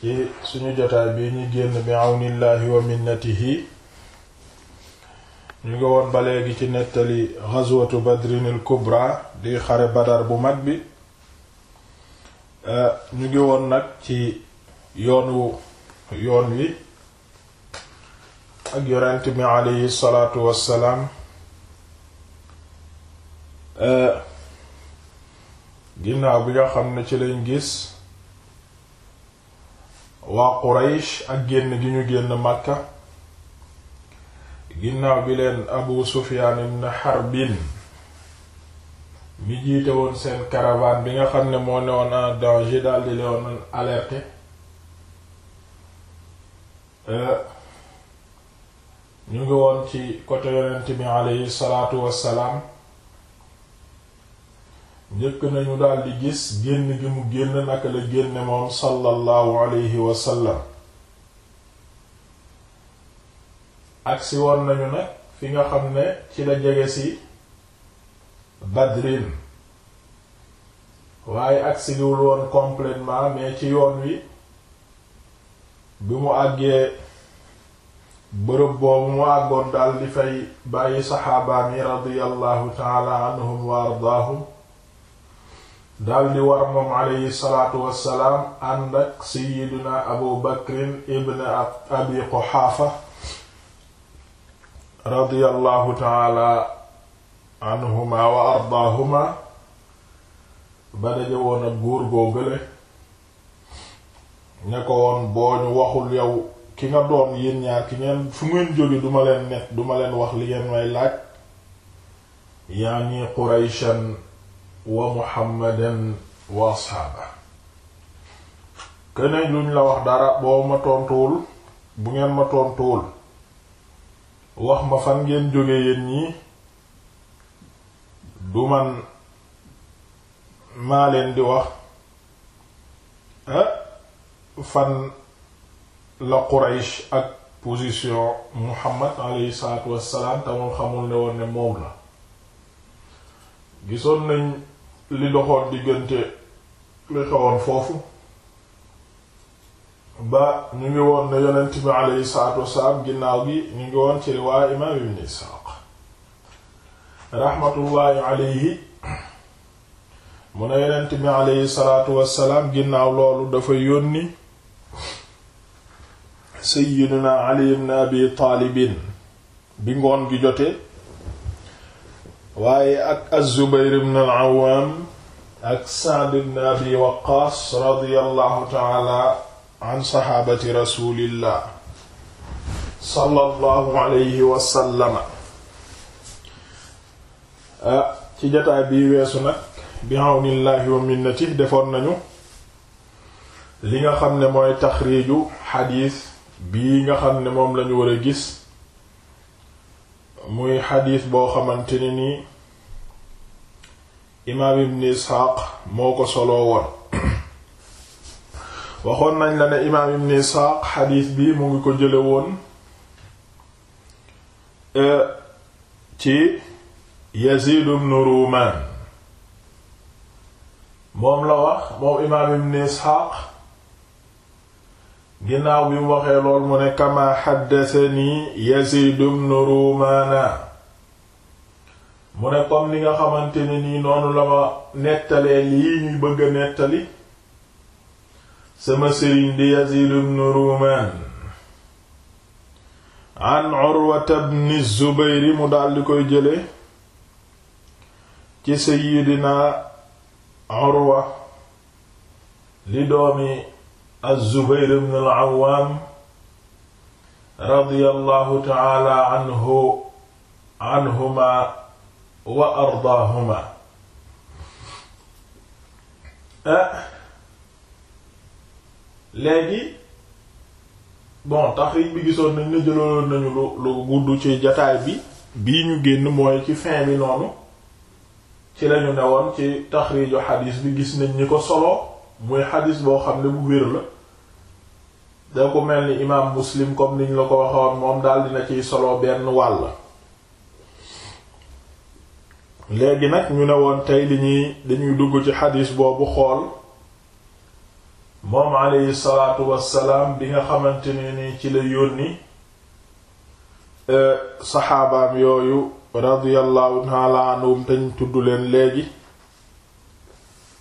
ci suñu jotaay bii ñu génn bi àwnillaahi wa minnatihi ñu ngi woon ba léegi ci nettali ghazwatu badrinil kubra di xare badar bu mag bi euh, ñu ngi woon nag ci yoon wu yoon wi ak yonent bi aleyhi salaatu wassalaam euh, ginnaaw bi nga xam ne ci lañ gis waa Quraysh ak génn gi ñu génn Makka ginnaaw bi leen Abu Sufyaan ibn Harbin mi jiite woon seen caravane bi nga xam ne moo newoon en danger daldi leen alerté euh, ñu ngi woon ci côté yonent bi aleyhi salaatu wassalaam jëkk nañu daldi gis génn gi mu génn naka la génne moom sallallahu alayhi wa agsi woon nañu nag fi nga xam ne ci la jege si Badrin waaye agsi liwul woon complètement mais ci yoon wi bi mu àggee bërëb boobu mu àggoon daldi fay bàyyi saxaabaa mi radiyallahu taala anhum wa ardaahum daldi war moom aleyhi salaatu wassalaam ànd ak seyiduna abu bakrin ibn abi quxaafa radiyallahu taala anhuma wa ardaahuma ba daje woon ak góor góogale ne ko boo ñu waxul yow ki nga doon yéen ñaar ki ngeen fu ngeen jóge duma leen net duma leen wax li ngeen may laaj yaa nii qurayshan wa muhammadan wa asxaaba keneen luñ la wax dara boo ma tontuwul bu ngeen ma tontuwul wax ma fan ngeen jóge yéen ñi du man maa leen di wax eh, fan la Quraysh ak position Muhammad alayhi salaatu wassalaam te moom xamul ne woon ne moom la gisoon nañ li doxoon diggante li xewoon foofu ba ñu ngi woon ne yonent bi aleyhi salaatu wasalaam ginnaaw gi ñu ngi woon ci riwaaya imaam ibn Isxaaq raxmatullaahi aleyhi mu ne yonent bi aleyhi salaatu wasalaam ginnaaw loolu dafa yónni sayyidina Ali ibn Abi Taalibin bi ngoon gi jotee waaye ak az-Zubayr ibn al-Awwam ak Sa'd ibn Abi Waqqas radiyallahu ta'ala an saxaabati rasulillah sallallahu alayhi wa sallama ah ci jotaay bii weesu nag bi awnillahi wa minnati defoon nañu li nga xam ne mooy taxriiju xadiis bii nga xam ne moom lañu war a gis muy xadiis boo xamante ne nii imaam ibn isxaaq moo ko soloo woon waxoon nañ la ne imaam ibn isxaaq xadiis bi mu ngi ko jële woon euh, ci Yazid ibn Ruumaan moom la wax moom imaam ibn isxaaq ginnaaw bi mu waxee lool mu ne kama xaddasani Yazid ibn mu ne comme ni nga xamante ni nii noonu la ma nettalee lii ñuy bëgg a nettali sama sëriñ di Yazid ibn Ruman an Urwata ibn Zubayr mu daldi koy jële ci sayyidina Urwa li doomi az-Zubayr ibn al-Awwam radiyallahu anhu ardaahuma eh, léegi bon taxrij bi gisoon nañ ne jëloon nañu lu lu gudd ci jataay bi bii ñu génn mooy ci fin bi noonu ci lañu newoon ci taxriju xadis bi gis nañ ñi ko solo muy xadis boo xam ne bu wér la da ko mel ni imaam muslim comme niñ la ko waxoon moom daal dina ciy solo benn wàll léegi nag ñu ne woon tey dañuy dañuy dugg ci xadiis boobu xool moom alayhi salaatu wassalaam bi nga xamante ne ni ci la yónni e, saxaabaam yooyu radiyallahu ta'ala anhum teñ tudd leen léegi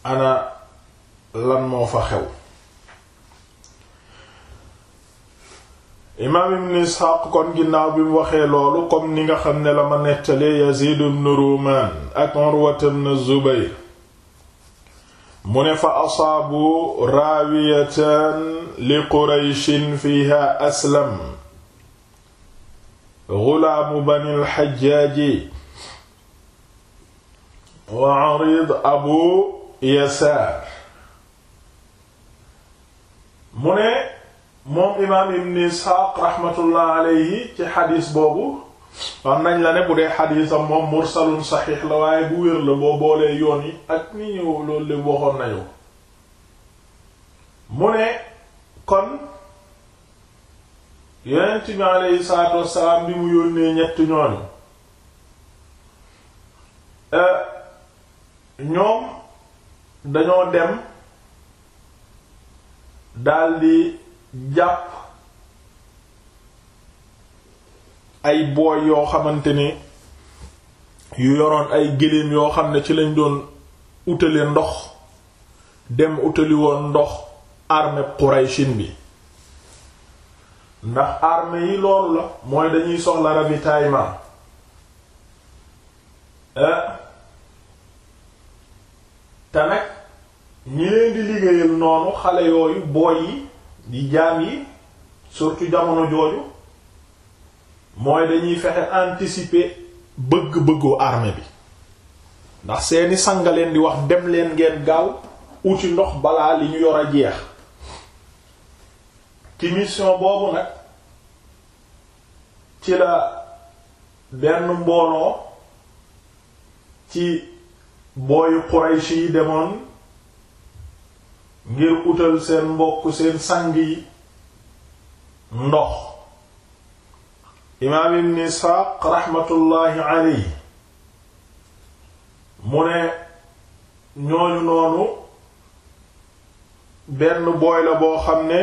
ana lan moo fa xew imaam ibn isxaaq kon ginnaaw bi mu waxee loolu comme ni nga xam ne la ma nettalee yazid ibn ruumaan ak urwat ibn zubayr mu ne fa asaabu raawiyatan li qurayshin fiha aslam gulaamu banil xajjaaji wa arid abu yasaar mu ne moom imaam ibn Isxaaq rahmatullah alayhi ci xadis boobu wax nañ la ne bu dee xadisam moom mursalun saxiix la waaye bu wér la boo boolee yoon yi ak ni ñëw loolu lépp waxoon nañu bi bi mu yónnee ñett ñooñu eh, ñoom dañoo dem daldi jàpp ay booy yoo xamante ne yu yoroon ay géléem yoo xam ne ci lañ doon utale ndox dem utali woon ndox armée Qurayshin bi ndax armée yi loolu la mooy dañuy soxla ravitaillement eh? te nag ñi leen di liggéeyal noonu xale yooyu booy yi di jaam yi surtout jamono jooju mooy dañuy fexe anticiper bëgg bëggu armée bi ndax seeni sanga leen di wax dem leen ngeen gaaw uti ndox balaa li ñu yor a jeex ci mission boobu nag ci la benn mbooloo ci booyu Quraysh yi demoon ngir utal seen mbokk seen sang yi ndox imaam ibn isxaaq raxmatullaahi aley mu ne ñooñu noonu benn booy la boo xam ne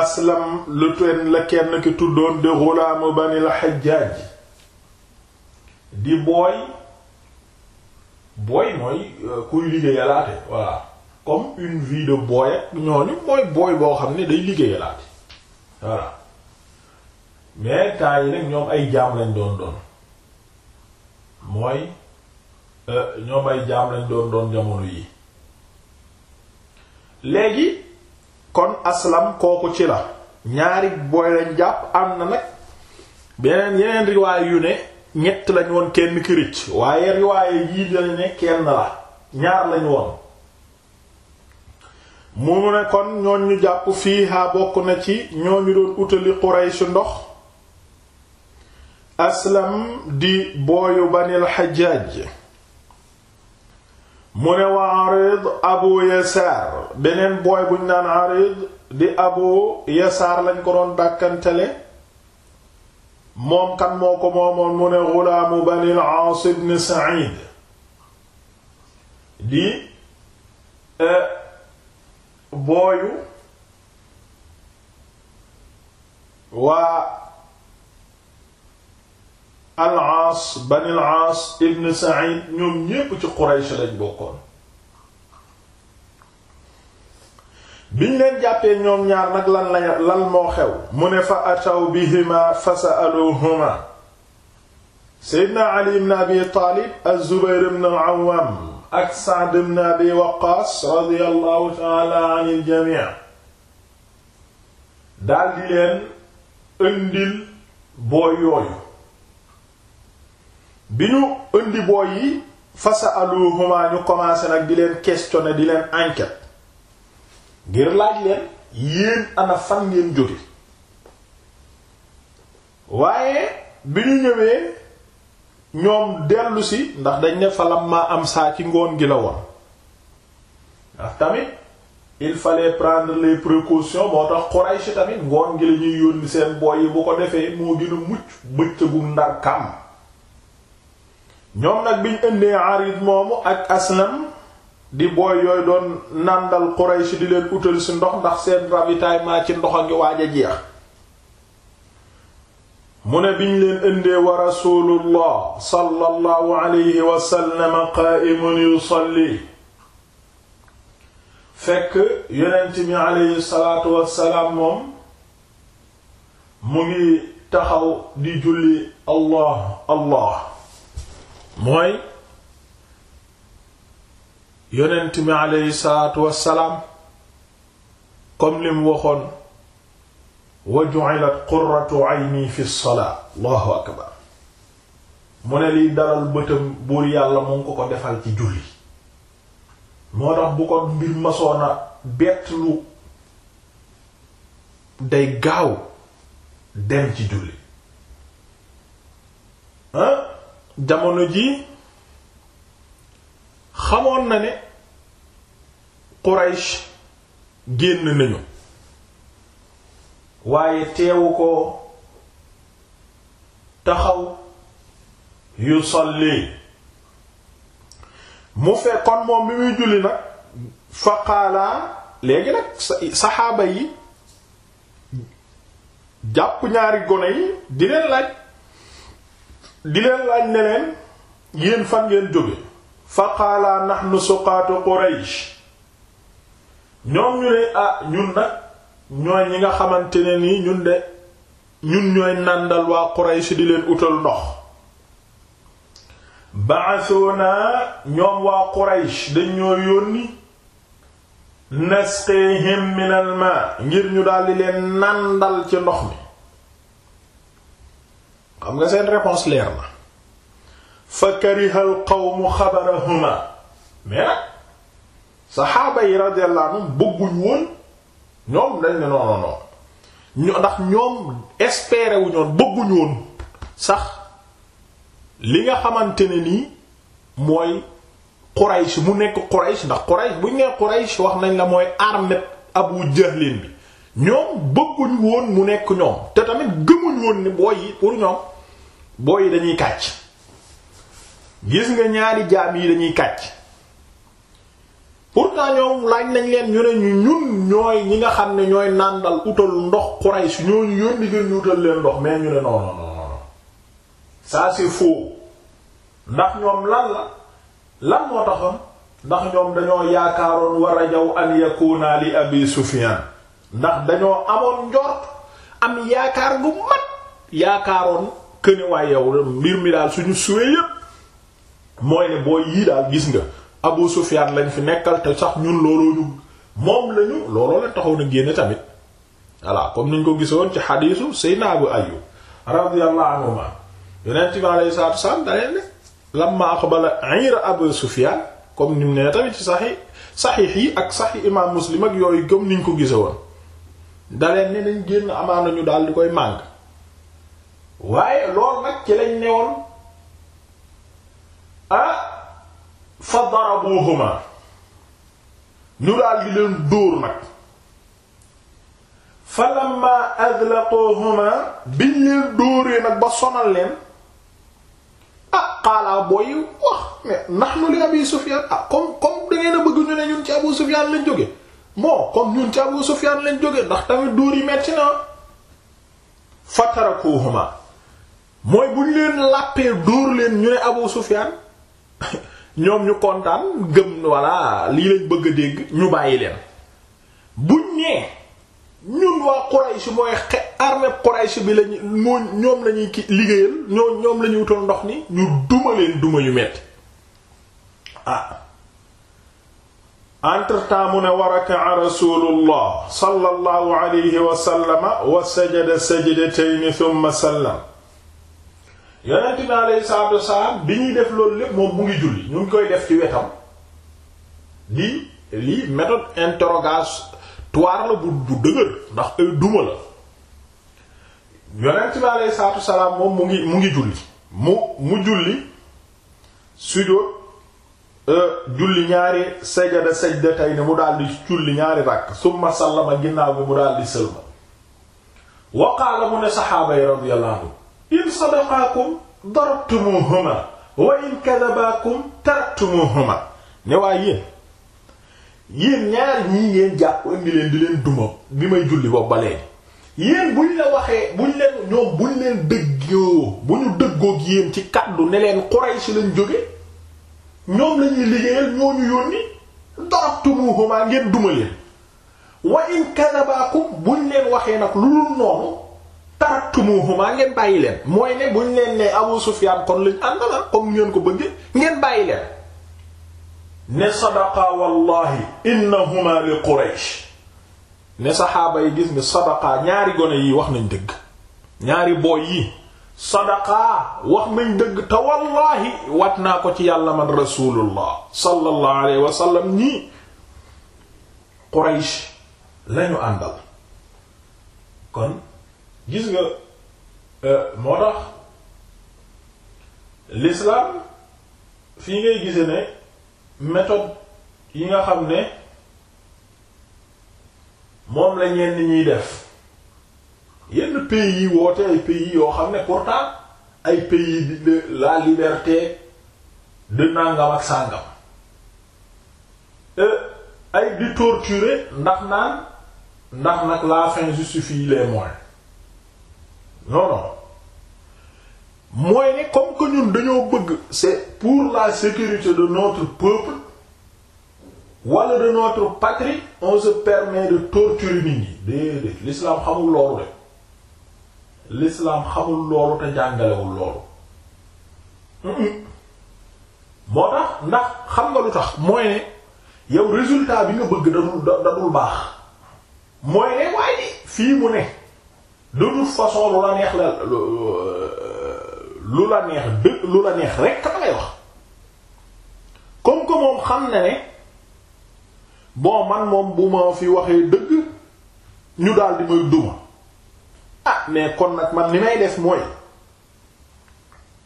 aslam lu ten la kenn ki tuddoon di xulaamu banil xajjaaj di booy booy mooy euh, kuy liggéey alaate voilà comme une vie de boy ak mooy boy boo xam ne day liggéeyalaati voilà mais temps yi nag ñoom ay jaam lañ doon doon mooy euh, ñoom ay jaam lañ doon doon jamono yi léegi kon aslam kooku ci la ñaari boy lañ jàpp am na nag beneen yeneen riwaay yu ne ñett lañ woon kenn ki rëcc waaye riwaay yii dana ne kenn la ñaar lañ woon mu ne kon ñooñ ñu jàpp fiihaa bokk na ci ñooñu doon utali Quraysh ndox aslam di booyu banil Hajjaaj mu ne wa Arid Abu Yasaar beneen booy buñ naan Arid di Abu Yasaar lañ ko doon dàkkantele moom kan moo ko moomoon mu ne xulaamu banil Aas ibn Sa'id di eh, booyu waa al-Aas bani al ibn Sa'id ñoom ñépp ci Quraysh lañ bokkoon biñ leen jàppee ñoom ñaar nag lan la lan moo xew mu ne fa ataw bihima fa sa'aluhuma Seydina Ali ibn Abi Taalib az-Zubayr ibn al-Awwam ak Sa'd ibn Abi Waqqas radiyallahu ta'ala anil jami' daldi leen ëndil booy yooyu bi ñu ëndi booy yi fasaluhuma ñu commencé nag di leen questionner di leen enquête ngir laaj leen yéen ana fan ngeen jóge waaye bi ñu ñëwee ñoom dellu si ndax dañ ne falam maa am saa ci ngoon gi la woon ndax tamit il fallait prendre les précautions moo tax Quraysh tamit ngoon gi la yónni seen boy yi bu ko defee moo gën a mucc bëccëgu ndar kam ñoom nag biñ indee Arid moomu ak Aslam di booy yooyu doon nàndal Quraysh di leen utal si ndox ndax seen ravitaillement ci ndox a ngi waaj jeex mu ne biñ leen indee wa rasulullah sallallahu alayhi wa sallam qa'imun yusalli fekk yonent bi alayhi salaatu wassalaam moom mu ngi taxaw di julli allah allah mooy yonent bi alayhi salaatu wassalaam comme li mu waxoon wa ju'ilat qurratu ayni fi salaa allahu mu ne liy dalal bëtam buur yàlla mu ngi ko ko defal ci julli moo tax bu ko mbir masoona bett lu day gaaw dem ci julli jamono ji xamoon na ne Quraysh génn nañu waaye teewu ko taxaw yu yusalli mu fekk kon moom bi muy julli nag faqaalaa léegi nag saxaaba yi jàpp ñaari gone yi di leen laaj di leen laaj ne leen fan ngeen jóge faqaalaa nahnu suqaatu quraysh ñoom ñu ne ah ñun nag ñooy ñi nga xamante ne ni ñun de ñun ñooy nàndal waa Quraysh di leen utal ndox ba'athuna ñoom waa Quraysh dañ ñoo yónni nasqihim min ma ngir ñu daldi leen nàndal ci ndox mi xam nga seen réponse leer na fa kariha al qawmu xabarahuma mais nag saxaaba yi radiyallahu bëgguñ woon ñoom dañ ne non non non ndax ñoom espérer wu ñoon bëgguñu woon sax li nga xamante ne nii mooy Quraysh mu nekk Quraysh ndax Quraysh buñ nee Quraysh wax nañ la mooy armée Abu Jahlin bi ñoom bëgguñ woon mu nekk ñoom te tamit gëmuñ woon ni booy yi pour ñoom booy yi dañuy kàcc gis nga ñaari jaam yi dañuy kàcc pour pourtant ñoom laaj nañ leen ñu ne ñu ñun ñooy ñi nga xam ne ñooy nàndal utal ndox Quraysh ñooñu yónni ngeen ñu utal leen ndox mais ñu ne non non non non ça ndax ñoom lan la lan moo taxoon ndax ñoom dañoo yaakaaroon war a jaw an Abi Sufyan ndax dañoo amoon njort am yaakaar bu mat yaakaaroon këne waa mbir mi daal suñu suwee yépp mooy ne boo yii daal gis nga. Abu Sufyan lañ fi nekkal te sax ñun looloo ñu moom lañu looloo la taxoon a génne tamit voilà comme niñ ko gisoon ci xadiisu Seydina Abu Ayyub radiyallahu anhuma yonent bi alayhi salaatu wasalaam daleen ne lamma aqbala ayra comme ni mu ci saxi saxiix yi ak saxi imaam Muslim ak yooyu comme niñ ko gisoon daleen ne nañ génn amaana ñu daal di koy màng waaye loolu nag ci lañ newoon ah fa darabuhuma ñu daal di leen dóor nag fa lamma adlaquhuma biñ leen dóoree nag ba sonal leen ah xaalaa booy wax mais nahnu li abi Sufyan ah, comme comme da ngeen bëgg ñu ne ñun ci Abu Sufyan lañ jóge bon comme ñun ci Abu Sufyan lañ jóge ndax tamit dóor yi metti na fatarakuhuma mooy buñ leen làppee dóor leen ñu ne Abu Sufyan ñoom ñu kontaan gëm voilà lii lañ bëgg a dégg ñu bàyyi leen buñ nee ñun waa Quraysh mooy xe Quraysh bi lañu moo ñoom la ñuy ki liggéeyal ñoo ñoom la ñuy ndox ni ñu duma leen duma yu metti ah entre temps mu ne wa rakaa rasulullah sallallahu alayhi wa sallama wa sajada sajdatayn thumma sallam yonent bi alayhi salaatu wasalaam bi ñuy def loolu lépp moom mu ngi julli ñu ngi koy def ci wetam lii lii méthode interrogatoire la bu bu dëgër ndax duma la yonent bi alayhi salaatu wasalaam moom mu ngi mu ngi julli mu mu julli sujjóot euh, julli ñaari sajada sajdatayni mu daldi julli ñaari ràkk summa sallama ginnaaw bi mu daldi sëlma wa qaala mu ne saxaaba yi radiyallahu in sadaqaakum darabtumuhuma wa in kadabaakum taraktumuhuma ne waaye yéen yéen ñaar ñii ngeen jàpp indi leen di leen duma bi may julli boobu ba léegi yéen buñ la waxee buñ leen ñoom buñ leen dëggoo bu ñu dëggoog yéen ci kàddu ne leen Quraysh lañ jóge ñoom lañuy liggéeyal ñoo ñu yónni darabtumuhuma ngeen duma leen wa in bu buñ leen waxee nag lu dul noonu taraktumuhuma ngeen bàyyi leen mooy ne buñ leen ne Abu Sufyaan kon ko bëgge ngeen bàyyi leen ne sadaqa wallahi innahuma yi gis ni sadaqa ñaari gone yi wax nañ dëgg ñaari booy yi sadaqa wax dëgg te wat naa ko ci yàlla man rasulullah sallallahu alayhi wa sallam lañu àndal kon gis nga euh, moo tax l'islam fii ngay gise ne méthode yi nga xam ne moom la ñenn ñuy def yenn pays yi woote ay pays yoo xam ne pourtant ay pays de la liberté de nàngam ak sàngam euh, ay di torturer ndax naan ndax nag la fin justifie les moyens non mooy ne comme que dañoo bëgg c'est pour la sécurité de notre peuple wala de notre patrie on se permet de torturer nit ñi déedéet l'islam xamul loolu de l'islam xamul loolu te jàngalewul loolu moo tax ndax xam nga lu tax mooy ne yow résultat bi nga bëgg dadul dadul baax mooy ne waaye fii mu ne de toute façon lu la neex lu la neex rek la ngay wax comme que moom xam na ne bon man moom bu ma fi waxee dëgg ñu daal di may duma ah mais kon nag man ni may def mooy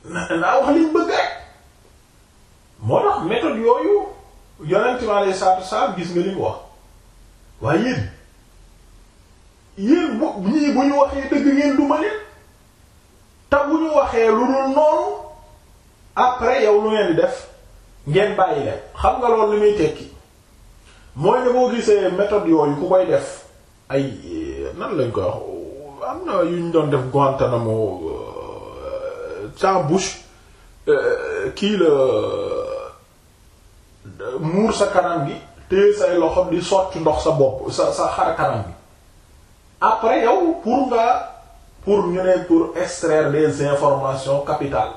naa wax liñ bëgg rek moo tax méthode yooyu yonent mi alayhi salaatu wa gis nga li mu wax waaye yéen yéen bu ñii bu ñu waxee dëgg ngeen duma leen te ñu waxee lu dul noonu après yow lu ngeen di def ngeen bàyyi leen xam nga loolu li muy tekki mooy ne boo gisee méthode yooyu ku koy def ay nan lañ koy wax am na yu ñu doon def Guantanamo Jean euh, Bush euh, kii la muur sa kanam gi te say loxo di sotti ndox sa bopp sa sa xar kanam après yow pour nga pour ñu ne pour extraire des informations capitales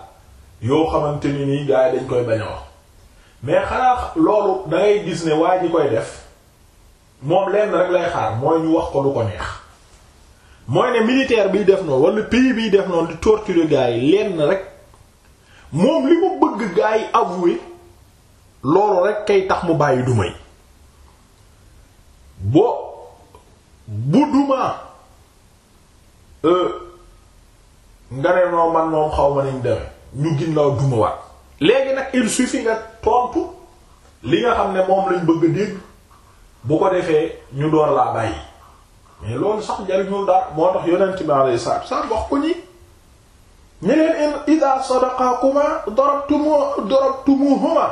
yoo xamante ni nii gars yi dañ koy bañ a wax mais xanaa loolu da gis ne waa ñi koy def moom lenn rek lay xaar mooy ñu wax ko lu ko neex mooy ne militaire biy def noonu wala pays biy def noonu di torturer gars yi lenn rek moom li mu bëgg gars yi avouer loolu rek kay tax mu bàyyi dumay boo bu duma euh, nga ne noo man moom xaw ma nañ deme ñu ginnaaw duma waat léegi nag il suffit nga tontu li nga xam ne moom lañ bëgg a dégg bu ko defee ñu door laa bàyyi mais loolu sax jariñul dara moo tax yonent bi alayhi salaatu salaam wax ko ñi ñe leen in ida sadaqakuma darabtumu darabtumuhuma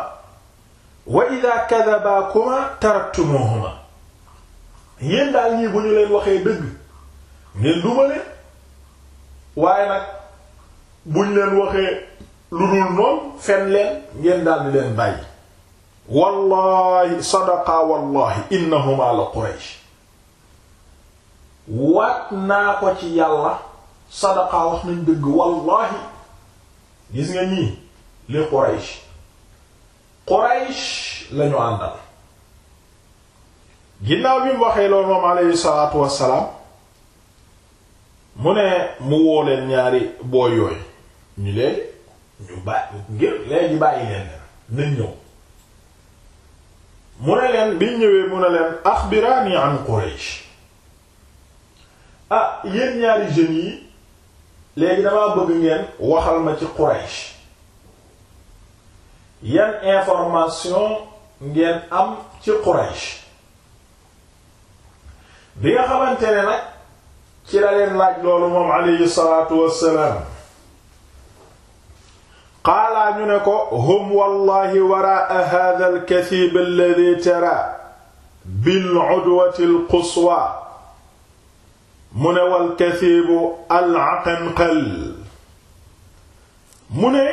wa ida kadabakuma taraktumuhuma yéen daal ñii bu ñu leen waxee dëgg ngeen duma waaye nag buñ leen waxee lu dul noonu fen leen ngeen daal di leen bàyyi wallahi sadaqa wallahi innahuma la quraish waat naa ko ci yàlla sadaqa wax nañ dëgg wallahi gis nga ñii li quraish quraish lañu àndal ginnaaw bi mu waxee loolu moom alayhi salaatu wassalaam mu ne mu woo leen ñaari booy yooyu ñu léegi ñu bàyyi ngir léegi bàyyi leen nañ ñëw mu ne leen bi ñëwee mu ne leen axbiraani an Quraysh ah yéen ñaari jën yi léegi damaa bëgg ngeen waxal ma ci Quraysh yan information ngeen am ci Quraysh bi nga xamante ne nag ci la leen laaj loolu moom alayhi salaatu wassalaam qaalaa ñu ne ko hum wallahi waraa hadha alkathiib alladhi tara bil udwati alquswa mu ne wal kathiibu al aqanqal mu ne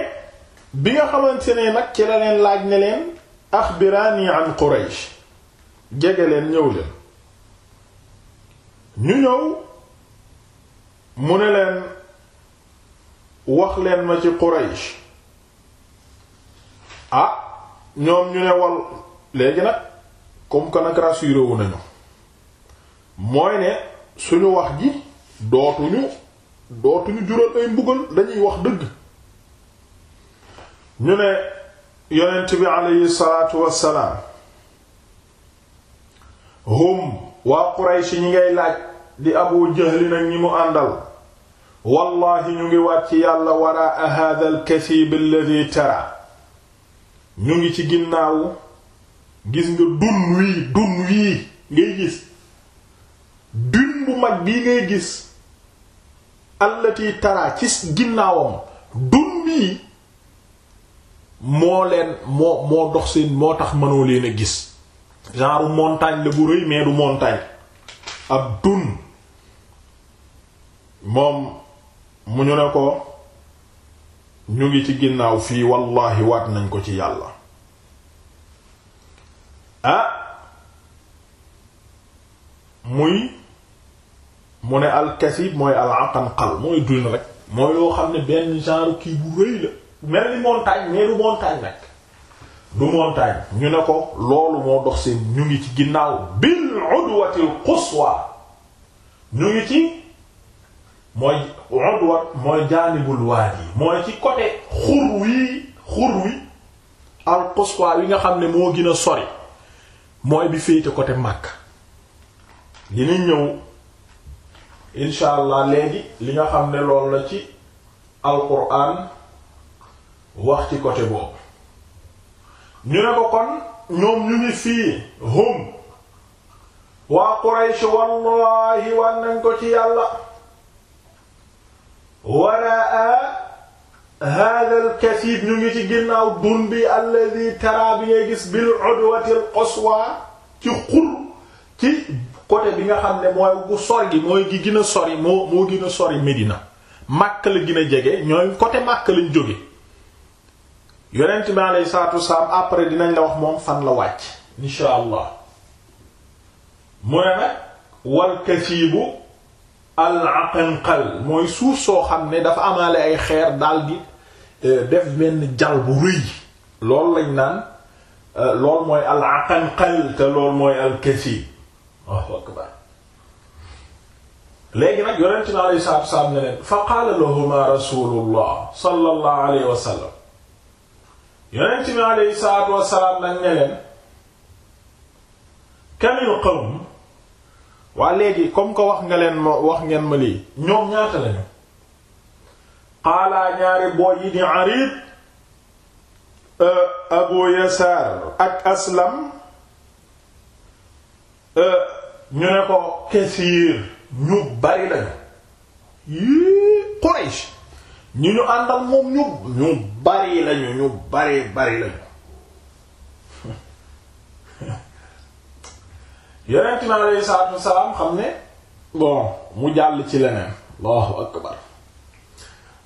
bi nga xamante ne nag ci la leen laaj ne leen axbiraani an quraysh jege leen ñëw leen ñu ñëw mu ne leen wax leen ma ci Quraysh ah ñoom ñu ne wal léegi nag comme que nag rassuré nañu mooy ne suñu wax ji dootuñu dootuñu jural ay mbugal dañuy wax dëgg ñu ne yonent bi aleyhi salaatu wassalaam hum waa Quraysh ñi ngay laaj di Abu Jahl nag ñi mu àndal wallahi ñu ngi wàcc yàlla waraa hadha al-kasib alladhi tara ñu ngi ci ginnaaw gis nga dun wii dun wii ngay gis dun bu mag bii ngay gis allati tara ci ginnaawam dun wii moo leen moo moo dox seen moo tax mënoo leen a gis genre montagne la bu rëy mais du montagne ab dun moom mu ñu ne ko ñu ngi ci ginnaaw fii wallahi waat nañ ko ci yàlla ah muy mu ne alkasib mooy alaqanqal mooy dun rek mooy loo xam ne benn genre kii bu rëy la mel ni montagne mais du montagne rek du montagne ñu ne ko loolu moo dox seen ñu ngi ci ginnaaw bil udwatil quswa ñu ngi ci mooy mooy jaanibul waadi mooy ci côté xur wi xur wi al quswa yi nga xam ne moo gën sori mooy bi féete côté Makka dina ñëw incha allah léegi li nga xam ne loolu la ci alquran wax ci côté boobu ñu ne ko kon ñoom ñu ngi fii hum waa Quraysh wallahi wan nañ ko ci yàlla waraa hada al ñu ngi ci ginnaaw dun bi alladi tara bi nga gis bil udwati al qaswa ci xur ci côté bi nga xam ne mooy gu sori mooy gi gën a sori moo moo gën a sori Medina Makka la gën jege ñooy côté Makka lañ jóge yonent bi alayhi salaatu après dinañ la wax moom fan la wàcc insha allah mu ne nag wal al aqanqal mooy suuf soo xam ne dafa amaale ay xeer dal daldi eh, def benn jal bu rëy loolu lañ naan eh, lool mooy al aqanqal te lool mooy al léegi nag yonent bi alayhi salaatu ne leen fa qaala lahuma rasulullah sallallahu alayhi wa sallam yonent bi aleyhi salaatu wassalaam nag ne leen kamil qawm waa léegi comme que wax nga leen wax ngeen ma lii ñoom ñaata lañu xaalaa ñaari booy yi di euh, Abu Yasaar ak Aslam euh, ñu ne ko kesiir ñu bari lañu yii Quraysh ñi ñu àndal moom ñu ñu bari lañu ñu bari bari lañu yonent mi alayhi salaatu xam ne bon mu jàll ci leneen allahu akbar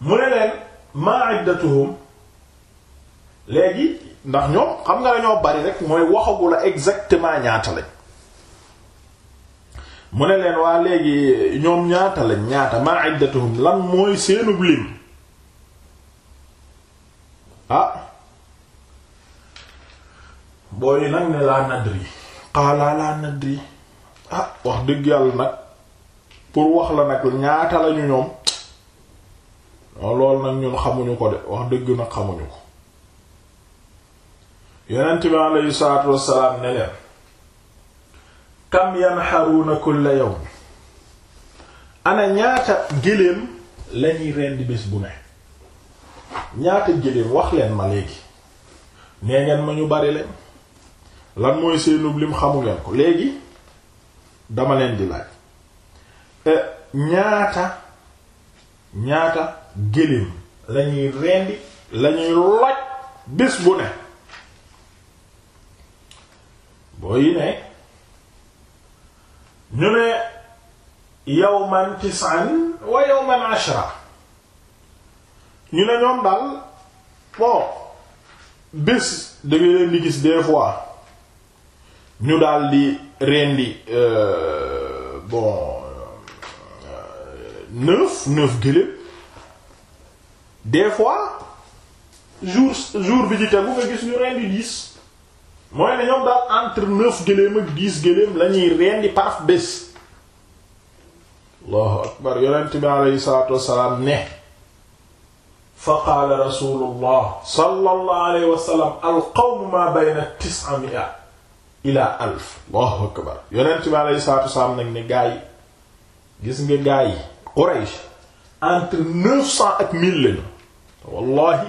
mu ne leen maa iddatuhum léegi ndax ñoom xam nga dañoo bari rek mooy waxagu la exactement ñaata lañ mu ne leen waa léegi ñoom ñaata lañ ñaata maa iddatuhum lan mooy seenub lim ah booy nag ne laa nadri qaala laa nadri ah wax dëgg yàlla nag pour wax la nag ñaata lañu ñoom loolu nag ñun xamuñu ko de wax dëgg nag xamuñu ko yonent bi aleyhi salaatu wassalaam ne leen kam yanxaruuna kulla yawm ana ñaata géléem lañuy rendi bés bu ne ñaata géléem wax leen ma léegi nee ngeen ma ñu bari leen lan mooy seenub lim xamu ngeen ko léegi dama leen di laaj euh, ñaata ñaata géléem lañuy rendi lañuy loj bés bu ne boo yi ne ñu ne yawman tis'an wa yawman ashra ñu ne ñoom daal bon bés da nga leen di gis des fois ñu daal di rendi euh, bon euh, neuf neuf gëléem des fois jour jour bi ci tegu nga gis ñu rendi dix mooy ne ñoom daal entre neuf gëléem ak dix gëléem la rendi par bés allahu akbar yonent bi aleyhi salaatu wassalaam ne fa qaala rasulullah sallallahu alayhi wa sallam alqawmu ma bayna tis'a ila alf allahu akbar yonent bi alayhi gis nga gaay Quraysh entre neuf cent ak mille lañu wallahi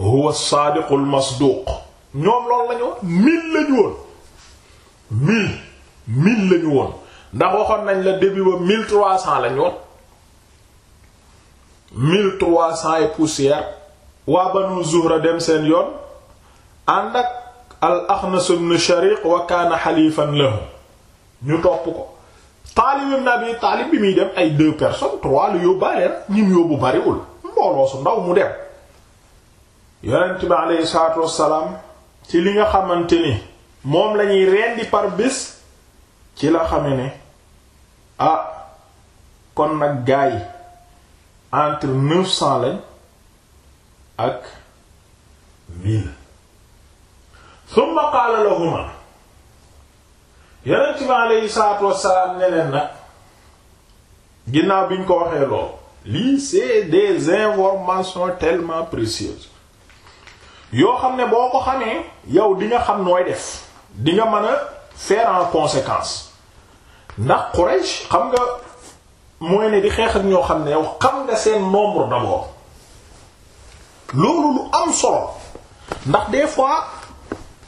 huwa as-saadiqu al-masduuq ñoom loolu lañu woon lañu woon mille mille lañu woon ndax waxoon nañ la début ba mille trois cents lañu woon mille trois cent et poussière waa banu zuhra dem seen yoon ànd ak al axnas ibn shariq wa kaana xalifan lahu ñu topp ko taalib ibn abi bi muy dem ay deux personnes trois lu yóbbaale nag ñim yóbbu bariwul mbooloo su ndaw mu dem yonent bi aleyhi salaatu ci li nga xamante ni moom lañuy rendi par bés ci la xame ni ah kon nag gaay entre neuf cent lañ ak mille summa qaala lahuma yonent bi aleyhi salaatu wassalaam ne leen nag ginnaaw bi ñu ko waxee lool lii c'est des informations tellement précieuses yoo xam ne boo ko xamee yow di nga xam nooy def di nga mën a faire en conséquence ndax Quraysh xam nga mooy ne di xeex ñoo xam ne yow xam nga seen nombre d'abord loolu lu am solo ndax des fois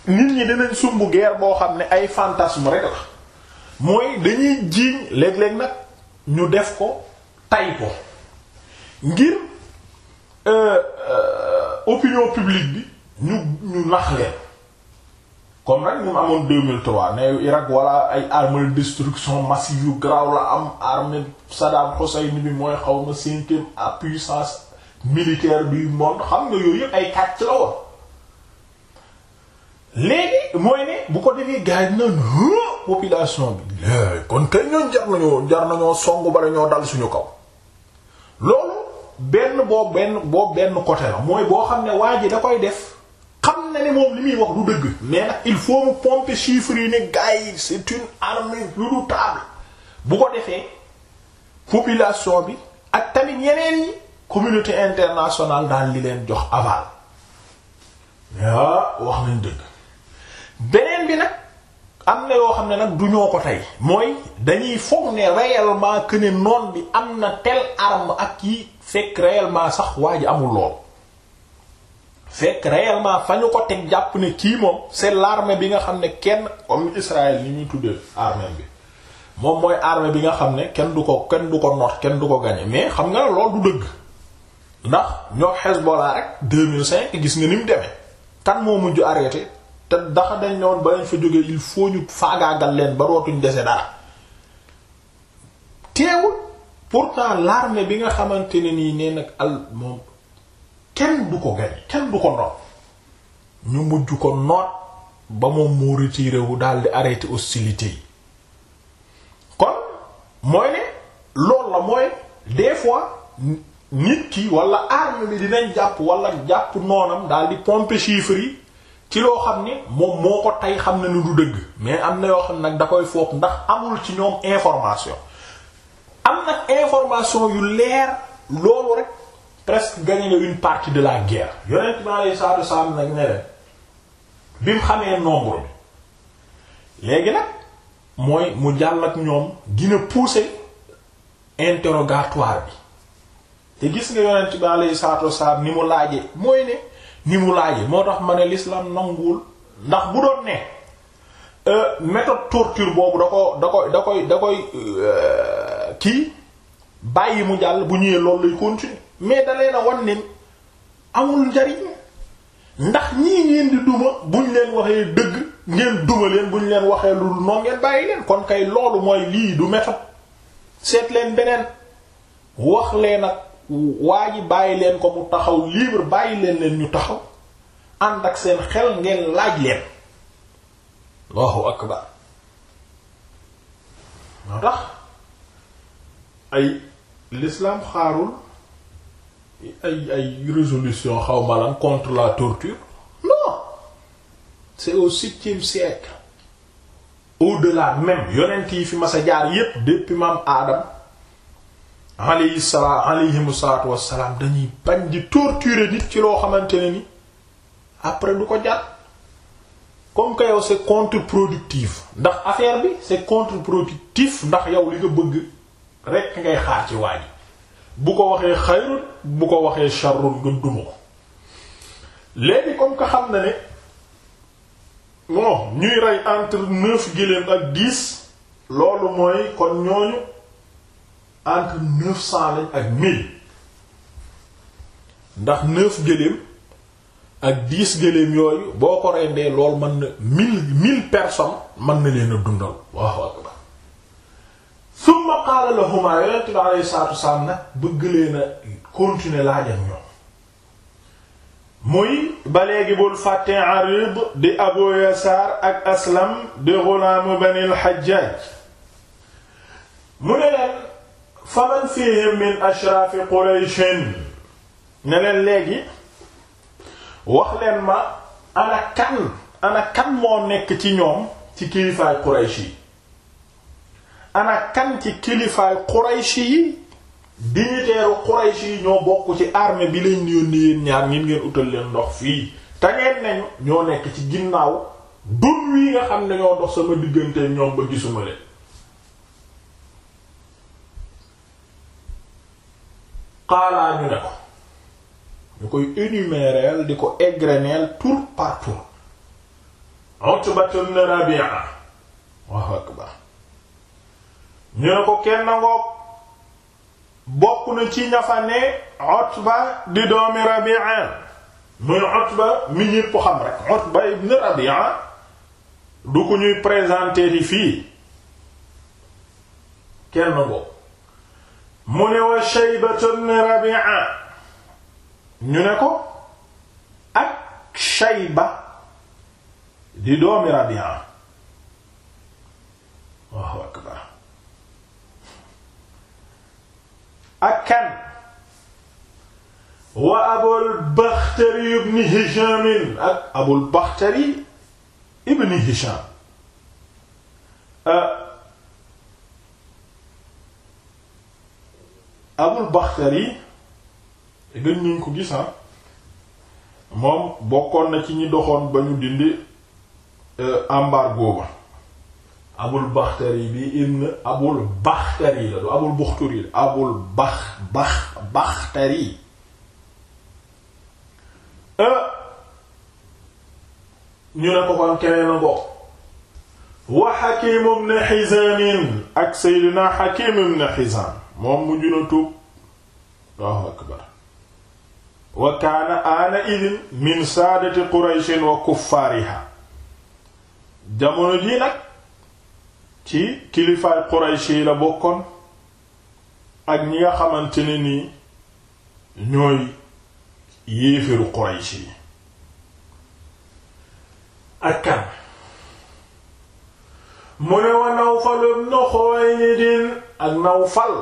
nit ñi dinañ sumb guerre boo xam ne ay fantasme rek la mooy dañuy jiiñ léeg-léeg nag ñu def ko tay ko ngir euh, euh, opinion publique bi ñu ñu nax leen comme nag ñu amoon 2003 ne Irak wala ay armes de destruction massive yu garaaw la am armée Saddam Hussein bi mooy xaw ma cinquième à puissance militaire bi moom xam nga yooyu yëpp ay kàcc la woon. léegi mooy ne bu ko defee gars yi naan population bi. kon kay ñoom jar nañoo jar nañoo songu ba ñoo dal suñu kaw loolu benn boo benn boo benn côté la mooy boo xam ne waa ji da koy def. xam na ne moom li muy wax du dëgg mais nag il faut mu pompe chiffres yi ne gars yi c'est une armée bu ko defee population bi ak tamit yeneen yi communauté internationale daal li leen jox aval yaa ah, wax nañ dëgg beneen bi nag am na yoo xam ne nag du ñoo ko tey mooy dañuy foog ne réellement que ne noon bi am na tel arme ak yi fekk réellement sax waa ji amul lool fekk réellement fa ñu ko teg jàpp ne kii moom c'est l'armée bi nga xam ne kenn comme Israël ni ñuy tuddee armée bi moom mooy armée bi nga xam ne kenn du ko kenn du ko nox kenn du ko gañe mais xam nga ne loolu du dëgg ndax ñoo Hezbollah rek gis nga ni mu demee kan moo mujj arrêté te dax dañ ne woon ba lañ fa jógee il faut ñu faagaagal leen ba dootuñ dese dara teewul pourtant l'armée bi nga xamante ne nii nee nag al moom kenn du ko gañe kenn du ko noot ñu mujj ko noot ba moom moo retiré wu daal di arrêté hostilité yi kon mooy ne loolu la mooy des fois nit ki wala arme bi dinañ jàpp wala jàpp noonam daal di pomper chiffres yi ci loo xam ne moom moo ko tey xam na ni du dëgg mais am na yoo xam nag da koy foog ndax amul ci ñoom information am nag information yu leer loolu rek presque gagné nga une partie de la guerre yonent bi aleyhi salaatu wasalaam nag ne bi mu xamee nombre bi léegi nag mooy mu jàll ak ñoom gën a pousser bi te gis nga yonent bi aleyhi salaatu wasalaam ni mu laaje mooy ne ni mu laaje moo tax ma ne l'islam nanguwul ndax bu doon ne euh, méthode torture boobu da ko da ko da koy da koy euh, kii bàyyi mu jàll bu ñëwee loolu lay continuer mais da leen a wan ne amul njariñ ndax ñii ngeen di duma buñ leen waxee dëgg ngeen duma leen buñ leen waxee lu noo ngeen bàyyi leen kon kay loolu mooy lii du méthode seet leen beneen wax leen ak waa ji bàyyi leen ko bu taxaw libre bàyyi leen leen ñu taxaw ànd ak seen xel ngeen laaj leen Allahu akbar moo ay lislaam xaarul ay ay résolution xaw ma lan contre la torture non c'est au septième siècle au-delà même yonent yi fi mas a jaar yépp depuis maam aadam alayhi salaam alayhimu salaatu wassalaam dañuy bañ di torturer nit ci loo xamante ne ni après du ko jàll comme que yow c'est contre-productif ndax affaire bi c'est contre-productif ndax yow li nga bëgg rek ngay xaar ci waa bu ko waxee xayrun bu ko waxee sharrun gën duma ko léegi comme que xam na ne bon ñuy rey entre neuf giléem ak dix loolu mooy kon ñooñu entre neuf cent ak mille ndax neuf giléem ak dix giléem yooyu boo ko rendee loolu mën na mille mille personnes mën na leen a dundal waaw waaw summa qaala lahumaa yonent bi alayhi salaatu wasalaam nag bëgg leen a continuer ñoom muy ba léegi bul fàtte Arid di Abu Yasaar ak Aslam di ghulaamu Bani al-Hajjaaj mu ne leen faman fiihim min ashraafi Qurayshin ne leen léegi wax leen ma ana kan moo nekk ci ñoom ci kilifaay Quraysh yi ana kan ci kilifaay Qurayshi yi dignitaire Qurayshi yi ñoo bokk ci armée bi lañ yónni yéen ñaar ngeen ngeen utal leen ndox fii te ngeen nañu ñoo nekk ci ginnaaw dun wi nga xam ne ñoo dox sama diggante ñoom ba gisuma leen xaalaa ñu ne ko ñu koy énumérer di ko égrener tour par tour Utba ibn Rabi'a wa akbar ñu ne ko kenn ngoog bokk na ci ñafane Utba di doomi Rabi'a muy Utba mi ñépp xam rek Utba ibn Rabi'a du ko ñuy présenter di fii kenn ngoog mu ne wa Shaybatu ibn Rabi'a ñu ne ko ak Shayba di doomi Rabi'a waaw ak kan wa abul bakhtari ibn hisham ak abul bakhtari ibn hisham abul bakhtari ko gis ah, moom bokkoon na ci ñi doxoon ba ñu dindi embargo ba abul baxtari bi ibn abul baxtari la du abul buxturi la abul bax bax baxtari euh, ñu ne ko kon keneen a bokk wa Hakim ibn Hizam ak Seydina Hakim ibn Hizam moom mu juna tuub Allahu akbar wa kaana aana idin min saadati Quraysh wa kuffaariha jamono ji nag ci kilifaay Quraysh yi la bokkoon ak ñi nga xamante ne nii ñooy yéefiru Quraysh yi ak kan mu ne wa Nawfal ibn Xuwaylid ak Nawfal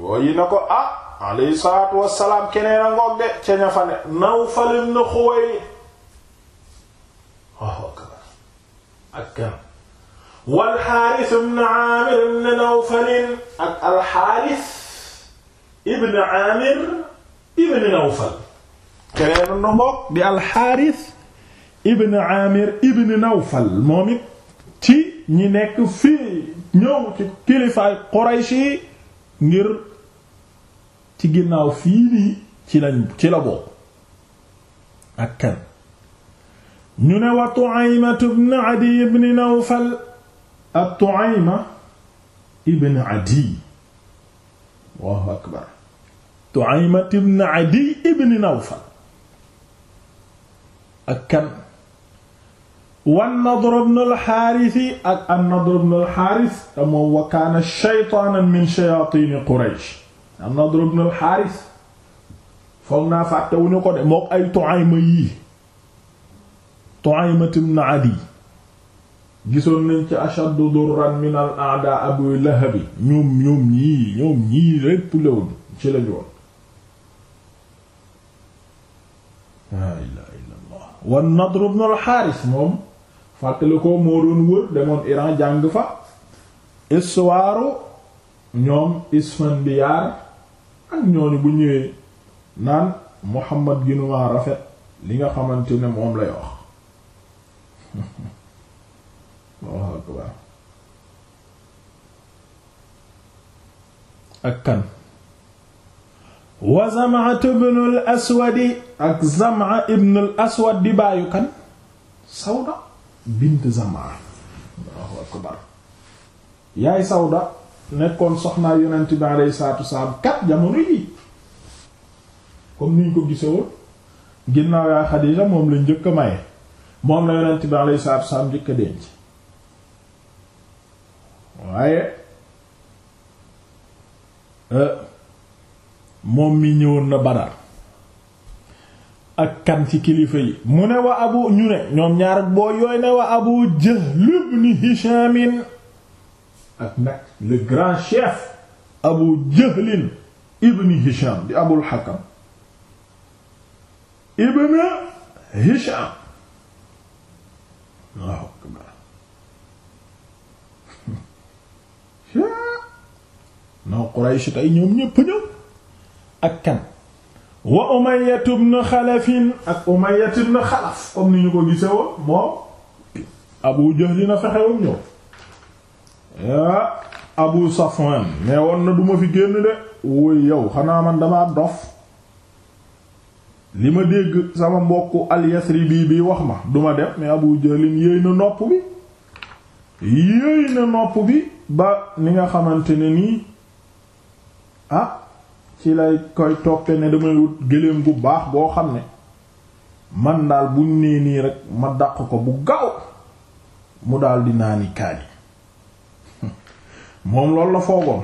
wooyi na ko ah alayhi salaatu wassalaam keneen a ngoog de ca ña fa ne Nawfal ibn Xuwaylid ak kan wal Haaris ibn Aamir ibn Nawfal ak al Haaris ibn Aamir ibn Nawfal keneen nu mbokk di al Haaris ibn Aamir ibn Nawfal moom it ci ñi nekk fii ñëw ci kilifaay Quraysh yi ngir ci ginnaaw fii nii ci lañ ci la bokk ak kan ñu ne wa Tu'ayma ibn Adiy ibn Nawfal at-Tu'ayma ibn Adiy Allahu akbar Tu'ayma ibn Adiy ibn Nawfal ak kan wan-Nadr ibn al-Haaris ak an-Nadr ibn al-Haaris te moom wa kaana shaytaanan min shayaatiin Quraysh an-Nadr ibn al-Haaris foog naa fàttewuñu ko de mook ay Tu'ayma yii Tu'ayma ibn Adiy gisoon nañ ci ashaddu durran min al aada abu lahabi ñoom ñoom ñii ñoom ñii lépp lew ci la woon laa ilaha illa allah wan nadr ibn xaaris moom fàttali ko moo doon wër demoon iran jàng fa histoire ñoom isfandiyaar ak ñooñu bu ñëwee naan muhammad ginumaa rafet li nga xamante ne moom lay wax Allahu akbar ak kan wa Zam'a ibn ak Zam'a ibn aswad di baayu kan Sawda bint Zam'a Allahu akbar yaay Sawda nekkoon soxnaa yonent bi alayhi salaatu wasalaam kat jamono yi comme niñ ko gisewoon ginnaaw yaa Xadiija moom lañ njëkk a maye moom la yonent bi alayhi salaatu wasalaam njëkk denc waaye euh, moom mi ñëwoon na Badar ak kan ci kilifa yi mu ne wa abu ñu ne ñoom ñaar boo yooy ne wa Abu Jahl ibn ak nag le grand chef Abu Jahl ibn Hisham di Abul Hakam ibn Hisham waaw non Quraysh tey ñoom ñépp ñëw ak kan wa Umayya ibn Xalaf ak Umayya ibn Xalaf comme ni ñu ko gise moom Abu Jahl dina fexewam ñëw ah, Abu Safwan nee na duma fi génn de woy yow xanaa man damaa dof li ma dégg sama mbokk al-Yasribi bi wax ma duma dem mais Abu Jahl yéey na nopp bi yéey na nopp bi ba ni nga xamante ne nii ah ci lay koy toppe ne damay wut gëléem bu baax boo xam ne man daal bu nee nii rek ma dàq ko bu gaaw mu daldi di naani kaani moom loolu la foogoon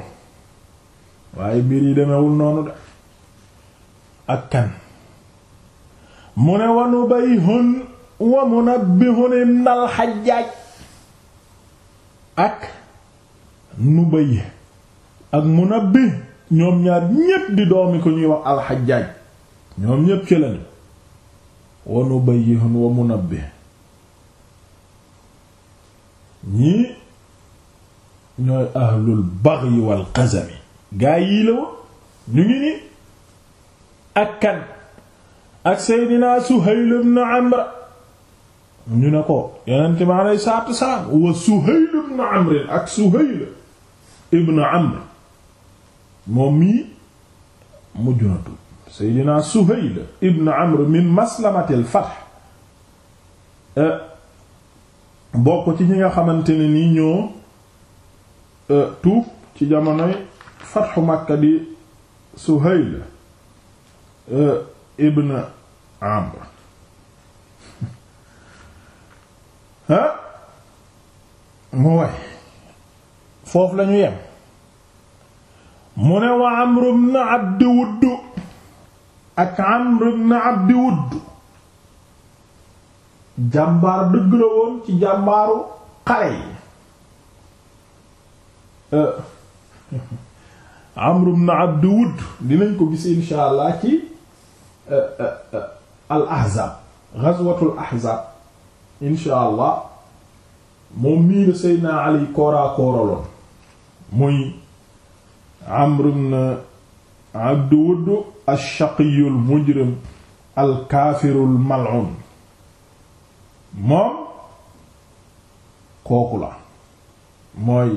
waaye mbir yi demewul noonu de ak kan mu ne wanu bay hun wa munabbihun ibn al ak nu bay ak munabbi ñoom ñaar ñépp di doomi ko ñuy wax alxajaaj ñoom ñépp ci lañu wa nubayyihun wa munabbih ñii ñooy ahlul baghi wal qazami gaa yii la woon ñu ngi ni ak kan ak seydinaa Suhayl ibn Amr ñu ne ko yonente bi aleyhi salaatu wasalaam wa Suhayl ibn Amr ak Suhayl ibn Amr moom mii mujj na tuub seydina Suhayl ibn Amr min maslamatil Fath eh, bokk ci ñi nga xamante ne nii ñoo eh, tuub ci jamonoy fatxu Makka bi Suhayl eh, ibn Amr ha mu way foofu lañu yem mu ne wa Amr ibn Abd Wudd ak Amr ibn Abd Wudd jàmbaar dëgg la woon ci jàmbaaru xare yi eh. Amr ibn Abd Wudd dinañ ko gis insha allah ci eh, eh, al ahzaab ghazwatul ahzaab insha allah moom mii la Seydina Ali kooraa muy Amr ibn Abd Wudd ash mujrim al-kaafirul mal'un moom kooku la mooy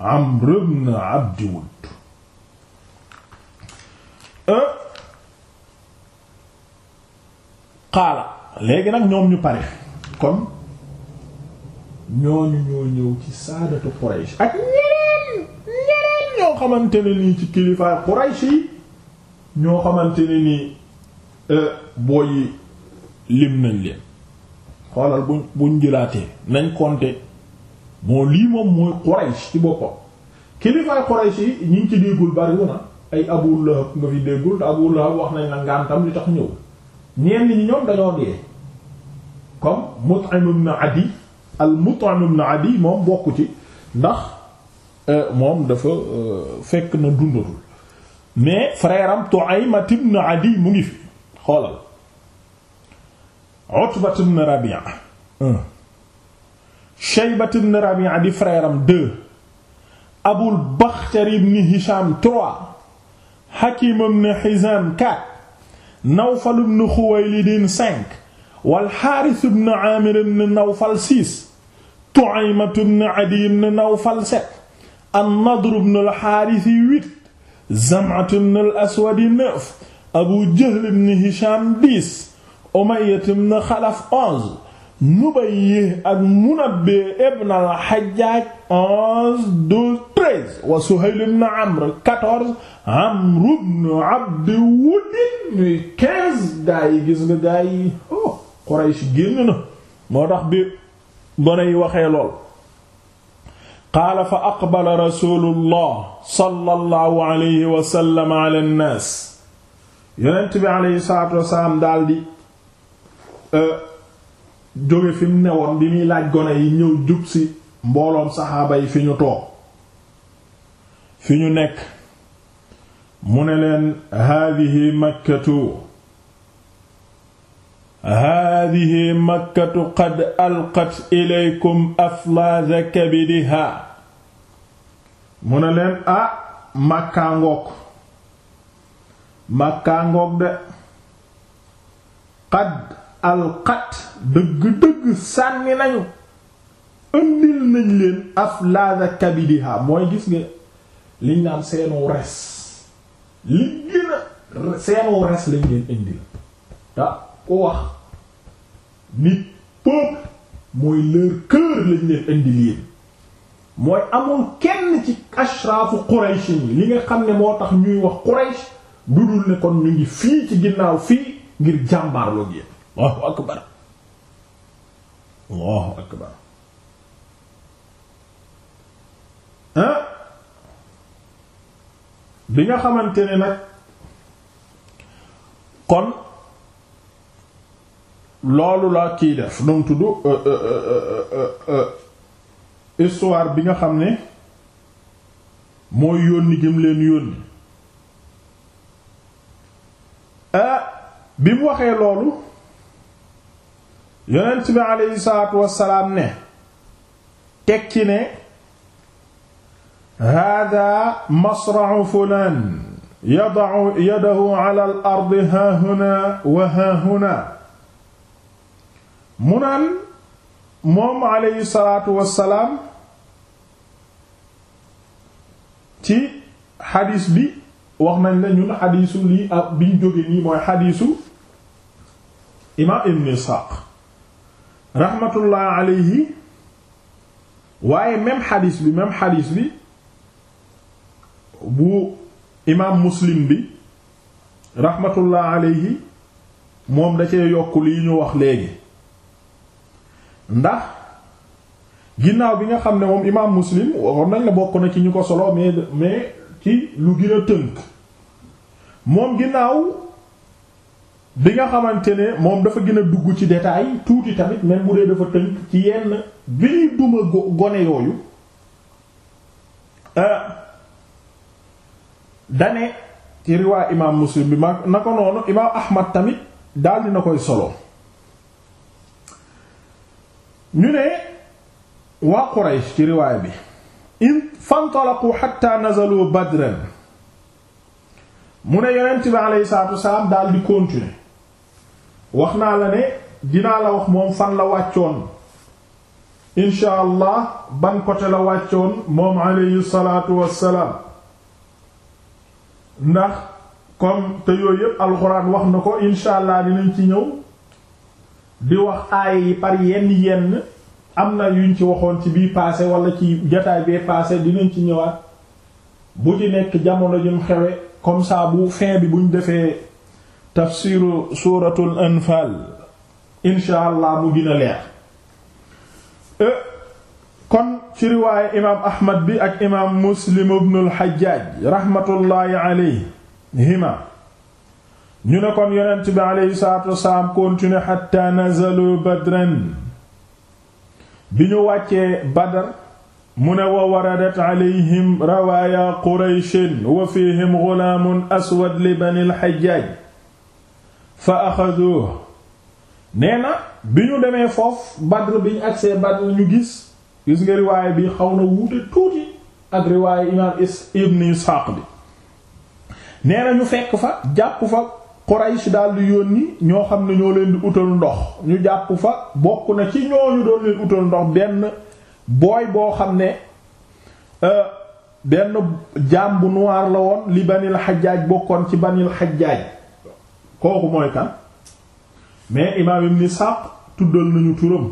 Amr ibn Abd Wudd euh, léegi nag ñoom ñu pare kon ñooñu ñoo ñëw ci saadatu Quraysh ñoo xamante ne nii ci kilifaay Quraysh yi ñoo xamante ni nii euh, booy yi lim nañ leen xoolal buñ buñ jëlaatee nañ compter bon lii moom mooy Quraysh ci boppam kilifaay Quraysh yi ñi ngi ci déggul bariwu na ah. ay Abu Lahab nga fi déggul te Abu Lahab wax nañ la ngantam li tax ñëw ñenn ñi ñoom dañoo dee comme Mut'im ibn Adi al Mut'im ibn Adi moom bokku ci ndax Euh, moom dafa euh, fekk na dundatul mais frère am Tu'ayma ibn Adi mu ngi fi xoolal Utba ibn di frère Abul Bakhtari Hisham trois Hakim Hizam quatre Nawfal wal Harith ibn Nawfal six Adi Nawfal an-Nadr ibn al-Haaris huit Zam'a ibn al-Aswad neuf Abu Jahl ibn Hisham dix Umayya ibn Xalaf onze Nubayh ak Munabbih ibn al-Hajjaj onze douze treize wa Suhayl ibn Amr quatorze Amr ibn Abd Wudd quinze gaa yi gis nga gaa yi oh, Quraysh génn na moo tax bi gone waxee lool qaala fa aqbala rasulullah sallallahu alayhi wa sallam ala nnaas yonent bi alayhi daldi e, jóge fi newoon bi muy laaj gone yi ñëw jub si mbooloom saxaaba yi fi ñu toog fi ñu nekk mu ne leen haadihi makkatu haadihi makkatu qad alqat ilaykum aflaaza kabidiha mu ne leen a ah, màkkaa ngoog màkkaa ngoog de qad alqat dëgg-dëgg sànni nañu ëndil nañ leen aflaaza kabidiha mooy gis nga liñ naan seenu res li gën a seenu res lañ leen indil ta ku wax nit peuple mooy leur cœur lañ leen indi mooy amul kenn ci ashraafu Quraysh yi li nga xam ne moo tax ñuy wax Quraysh du dul ne kon ñu ngi fii ci ginnaaw fii ngir jàmbaarloo gi Allahu akbar ah bi nga xamante ne nag kon loolu la kii def nu mu tudd euh, euh, euh, histoire bi nga xam ni mooy yónni gim leen yónni bi mu waxee loolu yonent bi aleyhi salaatu wassalaam ne tekki ne hada masra'u fulan yada'u yadahu ala al ardi hahuna wa mu naan moom aleyhi salaatu wassalaam ci xadiis bi wax nañ la ñun xadiisu lii ak biñ jóge nii mooy xadiisu imaam ibn Isxaaq raxmatullaahi aleyhi waaye même xadiis bi même xadiis bi bu imaam Muslim bi raxmatullaahi aleyhi moom da cee yokk lii ñu wax léegi ndax ginnaaw bi nga xam ne moom imaam muslim waxoon nañ la bokk na ci ñu ko solo mais mais ci lu gën a tënk moom ginnaaw bi nga xamante ne moom dafa gën a dugg ci détail tuuti tamit même bu dee dafa tënk ci yenn bi ñuy duma gone yooyu euh, dane ci riwaa imaam muslim bi ma na ko noonu imaam ahmad tamit daal dina koy solo ñu ne waa Quraysh ci riwaay bi in fantalaqu hatta nazalu badran mu ne yonent bi aleyhi salaatu wasalaam daal di continuer wax naa la ne dinaa la wax moom fan la wàccoon insha allah ban côté la wàccoon moom aleyhi salaatu wasalaam ndax comme te yooyu yépp alxuraan wax na ko insha allah dinañ ci ñëw di wax aaya yi par yenn yenn am na yuñ ci waxoon ci bii passé walla ci jotaay bee passé dinañ ci ñëwaat bu ci nekk jamono jum xewe comme ça bu fin bi buñ defee tafsiru suuratul anfal insha mu gën a leer e, kon ci riwaaye imaam ahmad bi ak imaam muslim ibnul hajjaaj rahmatullahi alayhima ñu ne kon yonent bi aleyhi salaatu wasalaam continuer xatta nazalu badran bi ñu wàccee badar mu ne wa waradat aleyhim rawaaya qurayshin wa fihim gulaamun aswad li bani lxajjaaj fa axaduuh nee na bi ñu demee foofu badr bi ñu agsee badr ñu gis gis nga riwaaya bi xaw na wuute tuuti ak riwaaya imaam ibn isxaaq bi nee na ñu fekk fa jàpp fa Quraysh daal di yónni ñoo xam ne ñoo leen di utal ndox ñu jàpp fa bokk na ci ñooñu doon leen utal ndox benn booy boo xam ne euh, benn jaam bu noir la woon li banil xajaaj bokkoon ci banil xajaaj kooku mooy kan mais imaam ibn Sa'd tuddal nañu turam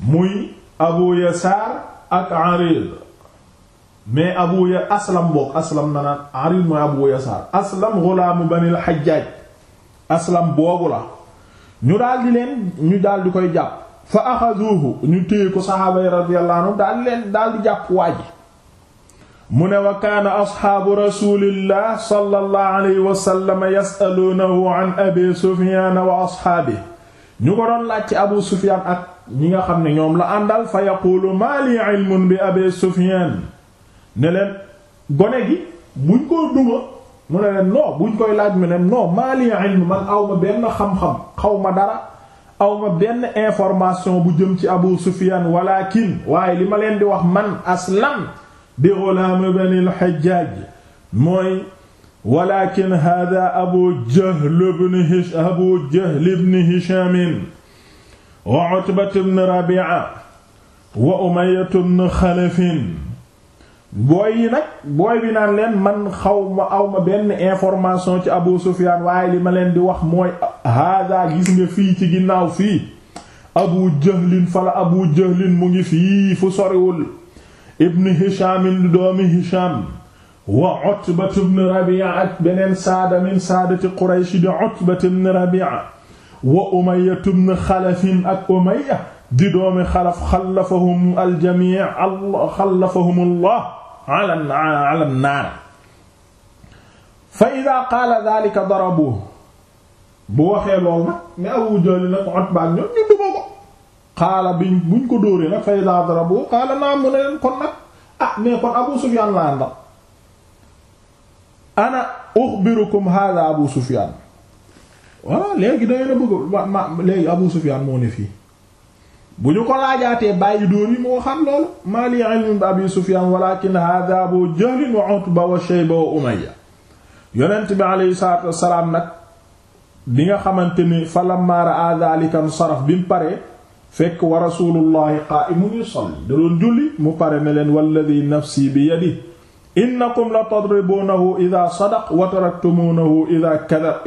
muy Abu Yasaar ak Arid mais abu ya aslam boog aslam na naan arid abu yasaar aslam ghulaamu banil xajjaaj aslam boobu la ñu daal di leen ñu daal di koy jàpp fa axaduuhu ñu téye ko saxaaba radiyallahu daal di leen daal di jàpp waa mu ne wa kaana asxaabu rasulillah sallallahu alayhi wa sallam yasaluunahu ñu ko laaj ci abu sufyaan nga xam ne ñoom la àndal fa yaquulu maa lii ilmun bi sufyaan ne leen gone gi buñ koo duma mu ne leen non buñ koy laaj mu ne non maa li man aw ma benn xam-xam xaw ma dara aw ma benn information bu jëm ci Abu Sufyan walakin waaye li ma leen di wax man aslam di ghulaam bani al-Hajjaj mooy walakin hada Abu Jahl ibn Hisham wa Utba ibn Rabi'a wa Umayya ibn Khalaf booy yi nag booy bi naan leen man xaw ma aw ma benn information ci Abu Sufyan waaye li ma leen di wax mooy hada gis nga fii ci ginnaaw fii Abu Jahlin fala Abu Jahlin mu ngi fii fu soriwul ibn Hishamin beneen saada min saadati Quraysh di Utba ibn Rabi'a wa Umayya ibn Khalaf ak Umayya di doomi Khalaf xallafahum Allah ala ala naar fa ida qaala daalika darabuhu bu waxee lool nag mais Abu Jahl nag Utba ñoom ñu duma ko xaala biñ buñ ko dóoree nag fa ida darabuhu xaala naa mu ne leen kon nag ah mais kon Abu Sufyaan laa ndax ana uxbirukum hada Abu Sufyaan voilà léegi dangeen a bëgg ma léegi Abu Sufyaan moo ne fii bu ñu ko laajaatee bàyyi dóor yi moo xam loolu maa bi abi sufyan walakin hada abu jahlin wa utba wa shayba wa umayya yonent bi aleyhi salaatu wasalaam nag bi nga xamante ni fa lamma raa dhalika saraf bi mu paree fekk wa rasulullahi qaaimun yusalli da doon julli mu pare ne leen walladi nafsi bi yadi innakum la tadribunahu ida sadaq wa taraktumunahu ida kadab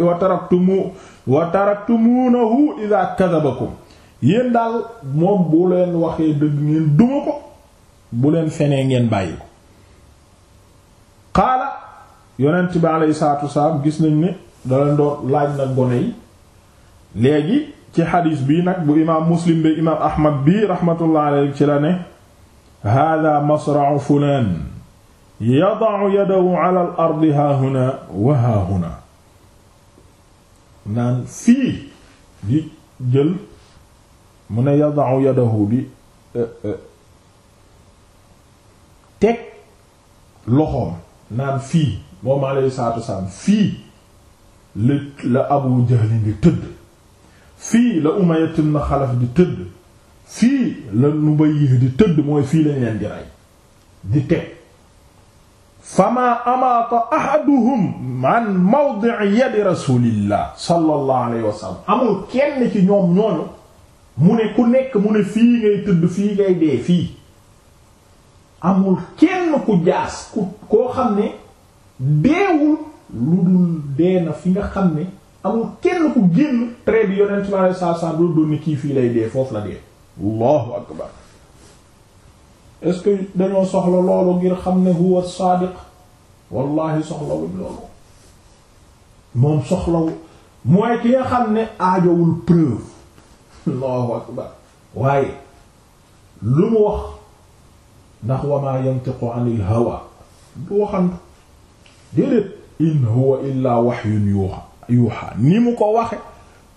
wa taraktumunahu ida yéen daal moom bu leen waxee dëgg ngeen duma ko bu leen fenee ngeen bàyyi ko xaala yonent bi alayhi salaatu wasalaam gis nañ ni da leen laaj na gone yi léegi ci xadiis bii nag bu imaam muslim bi imaam ahmad bi rahmatullah ci la ne hada masra'u fulaan yada'u yadahu ala al ardi haahuna wa haahuna naan fii di jël mu ne yadau yadahu bi e, e, teg loxoom naan fii moom alayhi salaatu wasalaam fii la la Abu Jahl di tëdd fii la Umayya ibn Xalaf di tëdd fii la Nubayy di tëdd mooy fii lañ leen di rey di teg famaa amaata ahaduhum an mawdi'i yadi rasulillah sallallahu alayhi wa sallam amul kenn ci ñoom ñooñu mu ne ku nekk mu ne fii ngay tëdd fii ngay dee fii amul kenn ku jaas ku koo xam ne deewul lu dul dee na fi nga xam ne amul kenn ku génn trait bi yonent bi fii lay dee foofu la dee allahu akbar est-ce que dañoo soxla loolu ngir xam ne huwa saadiq wallahi soxlawul loolu moom soxlawu mooy ki nga xam ne aajowul preuve allahu akbar waaye lu mu wax ndax wamaa yantiqu anil hawa du waxantu déedéet in huwa illaa wahyun yuha yuha ni mu ko waxe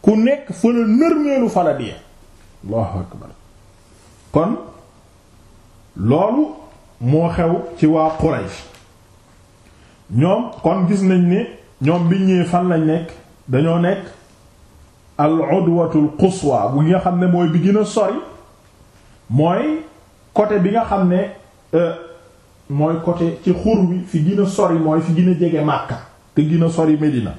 ku nekk fa la nërmeelu fa allahu akbar kon loolu moo xew ci waa Quraysh ñoom kon gis nañ ne ñoom biñ ñëwee fan lañ nekk dañoo nekk al udwatul quswa bu nga xam ne mooy bi gën a sori mooy côté bi nga xam ne euh, mooy côté ci xur wi fi gën sori mooy fi gën a jege Makka te gën a sori Medina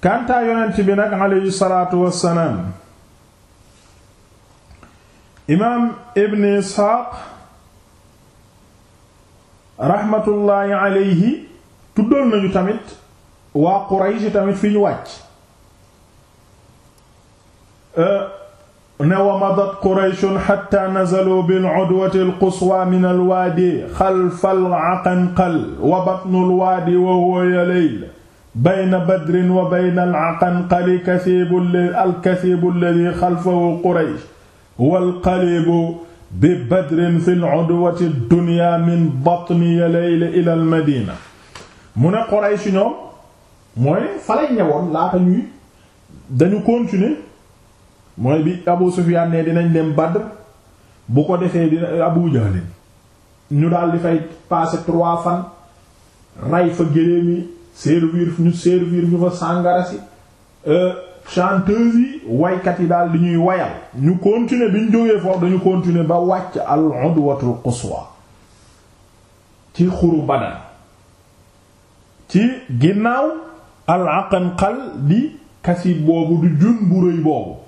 kantaa yonent bi nag aleyhi salaatu wassalaam imaam ibn Isxaaq raxmatullaahi aleyhi tuddoon nañu tamit waa Quraysh tamit fi ñu wàcc ne wa madat qurayshun xatta nazalu bil udwati al quswa min al waadi xalfa al aqanqal wa batnu al waadi wa huwa yalayl bayna badrin wa bayna al aqanqali kasiibu al kasiibu alladi xalfahu quraysh wal qalibu bi badrin fi al udwati dunya min batni yalayl ila al madina mu ne quraysh ñoom mooy fa lañ ñëwoon laata ñuy dañu continuer mooy bi Abu Sufyaan ne dinañ dem Badr bu ko defee dina Abu Jahl ñu daal di fay passer trois fan ray fa géléem yi servir ñu servir ñu fa sàngara si euh, chanteuse yi woykat yi daal di ñuy wayal ñu continuer bi ñu jógee foofu dañu continuer ba wàcc al-udwatul quswa ci xuru Badr ci ginnaaw al-aqanqal di kasib boobu du jun bu rëy boobu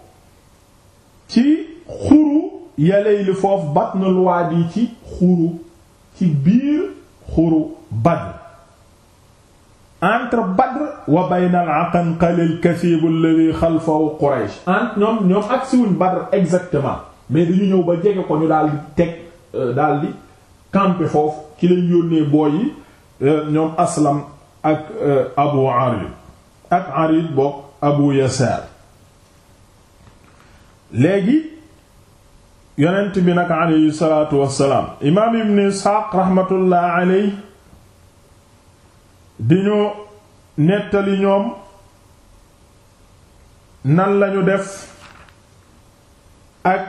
ci xuru yalay li foofu batnul waadi ci xuru ci biir xuru Badr entre Badr wa bayna al-Aqanqal al-Kasib alladhi xalfahu entre ñoom ñoom agsiwuñ Badr exactement mais dañu ñëw ba jege ko ñu daal di teg euh, daal di camper foofu ci lañ yónnee booy yi euh, ñoom Aslam ak euh, Abu Arid ak Arid bokk Abu Yasar léegi yonent bi nag aleyhi salaatu wassalaam imaam ibn isxaaq raxmatullah aley di ñu nettali ñoom nan lañu def ak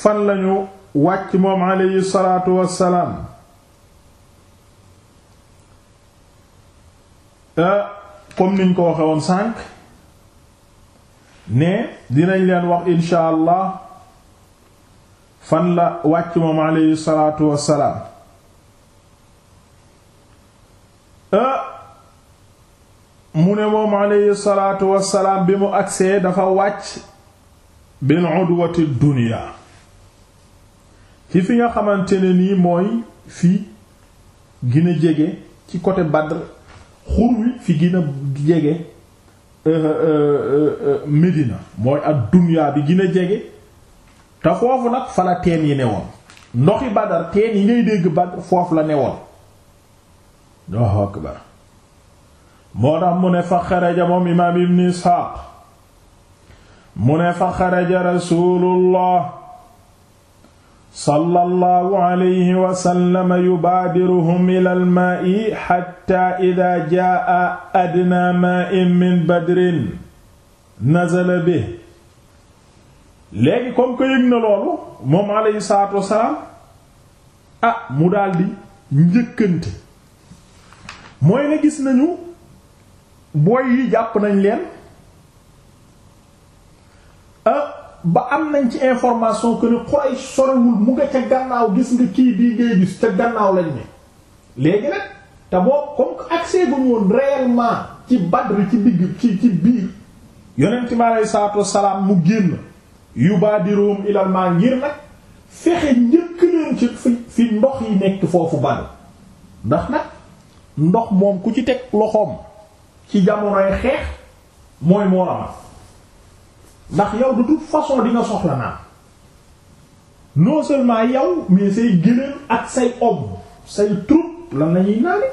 fan lañu wàcc moom aleyhi salaatu wassalaam kom euh, niñ ko waxe woon sànq ne dinañ leen wax insha allah fan la wàcc moom aleyhi salaatu wassalaam euh, mu ne moom aleyhi salaatu wassalaam bi mu agsee dafa wàcc bil udwati dunya ci fi nga xamante ne nii mooy fi gën a ci côté Badr xur wi fi gën a Euh, euh, euh, Médina mooy ak dunyaa bi gën a jege te foofu nag fa la teen yi newoon ndoxi Badar teen yi ngay dégg Badar foofu la newoon Allahu moo tax mu ne fa xaraja moom imaam Ibn mu ne fa xaraja Rasuulullah sallallahu alayhi wa sallam yubaadiruhum ila almaai xatta ida jaa adna maain min badrin nazala bi léegi comme que yëg na loolu moom aleyhi salaatu wasalaam ah mu daldi njëkkante mooy ne gis nañu booy yi jàpp nañ leen ah, ba am nañ ci information que ne Quraysh sorewul mu nga ca gannaaw gis nga kii bii ngay gis ca gannaaw lañ ne léegi nag te boo comme que accès bu ñu woon ci Badr ci digg ci ci biir yonent mi aleyhi salaatu wassalaam mu génn yubaadiruhum ilal maa ngir nag fexe njëkk leen ci fi fi ndox yi nekk foofu Badr ndax nag ndox moom ku ci teg loxoom ci jamonoy xeex mooy moo la ndax yow du toute façon di nga soxla naan non seulement yow mais say gëléem ak say homme say troupe lan la ñuy naane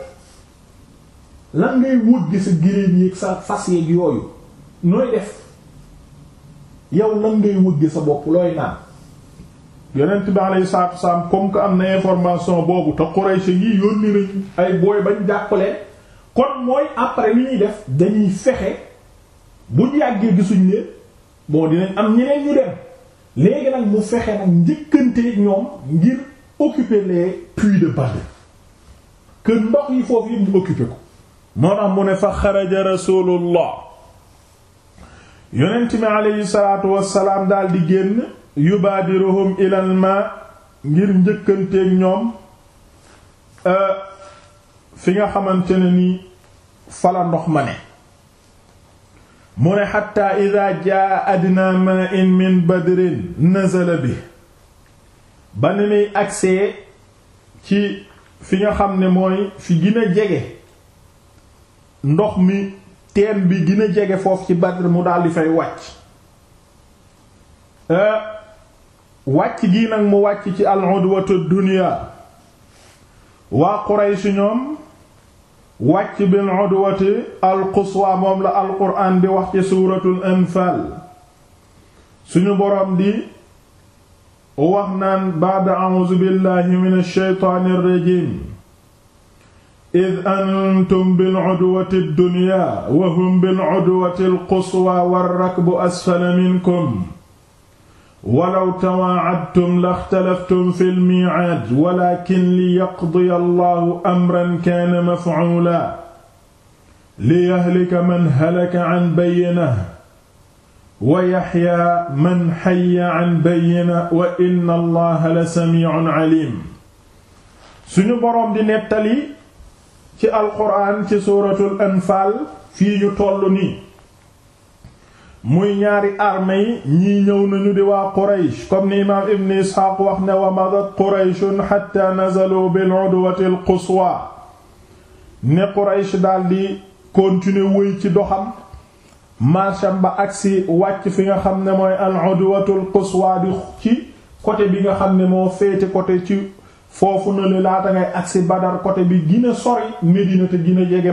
lan ngay wëgg sa gëléem yi ak sa fas yeeg yooyu nooy def yow lan ngay gi sa bopp looy naan yonent bi alayhi salaatu wasalaam comme que am na information boobu te Quraysh yi yónni nañu ay booy bañ jàppale kon mooy après li ñuy def dañuy fexe buñ yàggee gisuñ leen bon dinañ am ñeneen ñu dem léegi nag mu fexe nag ñoom ngir occuper les puits de Badr que ndox yi foofu yi mu occuper ko moo mu ne fa xaraja rasulullah yonent mi aleyhi salaatu wassalaam daal di génn yubaadiruhum ilal ma ngir njëkkanteeg ñoom euh, fi nga xamante ne ni fala ndox ma ne mu ne xatta ida jaa adna ma in min badrin nazala bi ba ni muy agsee ci fi nga xam ne mooy fi gën jege ndox mi teen bi gën jege foofu ci Badr mu daldi fay wàcc euh, wàcc gi nag mu wàcc ci al-udwatu dunya waa Quraysh ñoom wàcc bil udwati alquswa moom la alquraan di wax ci suuratul anfaal suñu boroom di wax naan baada a'uuzu billahi minash shaytaanir rajiim id antum bil udwati ad wa hum bil udwati alquswa war rakbu asfala minkum walaw tawaacadtum laxtalaftum fi lmiicaad walaakin liyaqdiya allahu amran kaana mafcuula liyahlika man halaka can bayyina wa yaxyaa man xayya can bayyina wa inna allaha la samiicun caliim suñu boroom di nettali ci alquraan ci suuratul anfaal fii ñu toll nii muy ñaari armée yi ñii ñëw nañu di waa Quraysh comme ni imaam Ibn Isxaaq wax ne wa madat Qurayshun hatta nazalu bil udwati ne Quraysh daldi continuer wëy ci doxam marcham ba agsi wàcc fi nga xam ne mooy al udwatu al di ci côté bi nga xam ne moo féete côté ci foofu na le laata ngay agsi Badar côté bi gën a sori Médina te gën a jege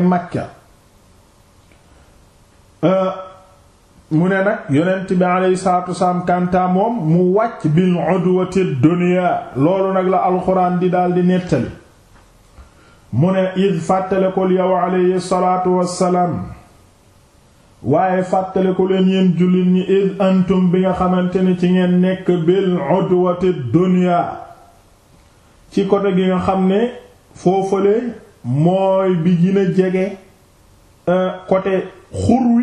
mu ne nag yonent bi alayhi salaatu wasalaam kanta moom mu wàcc bil udwati dunya loolu nag la alxuraan di daal di nettali mu ne id fàttalikul yow alayhi salaatu waaye fàttaliku leen yéen jullit ñi id bi nga xamante ni ci ngeen nekk bil udwati ci côté gi nga xam ne foofale mooy bi gën a jege euh, côté xur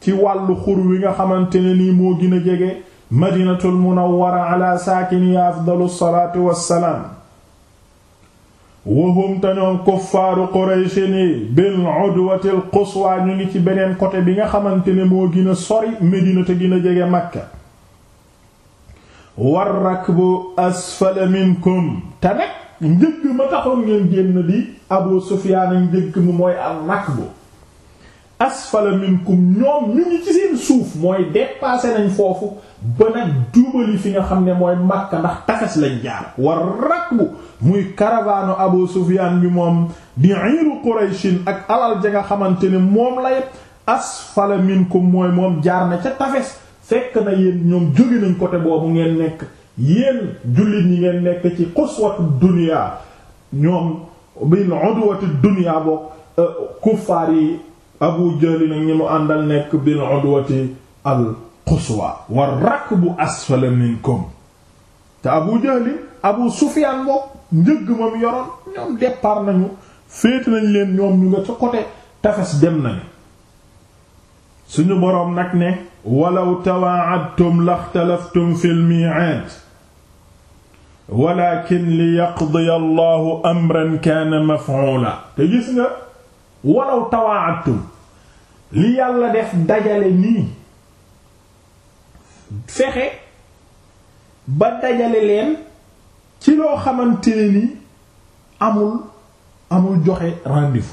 ci wàllu xur wi nga xamante ni nii moo gën a jege madinatul munawwara ala saakiniya afdalu salaatu wassalaam wahum te ñoom kuffaaru qurayshin yi bil udwatil quswa ñu ngi ci beneen côté bi nga xamante ne moo gën a sori Medina te gën a jege Makka war rakbu asfala minkum te nag njëgg ma taxoon ngeen génn di Abu Sufyaan njëgg mu mooy al rakbu asfala minkum ñoom ñu ngi ci seen suuf mooy dépassé nañ foofu ba nag jubali fi nga xam ne mooy Makka ndax tafes lañ jaar war rakbu muy caravane Abu Sufyaan bi moom di iru Qurayshin ak alal ja nga xamante ne moom la yépp asfala minkum mooy moom jaar na ca tafes fekk na yéen ñoom jóge nañ côté boobu ngeen nekk yéen jullit yi ngeen nekk ci quswatu dunya ñoom bil udwati dunya bokk euh, kuffaar yi abu jahl nag ñi mu àndal nekk bil udwati al quswa war rakbu asfala minkum te abu jahl abu sufyaan bokk njëgg moom yoroon ñoom départ nañu féete nañ leen ñoom ñu nga ca côté tafes dem nañu suñu boroom nag ne walaw tawaa'adtum laxtalaftum fil mi'aad walakin li yaqdiya allahu amran kaana maf'uula te gis nga walaw tawaa'adtum li yàlla def dajale nii fexe ba dajale leen ci loo xamante ne ni amul amul joxe rendez-vous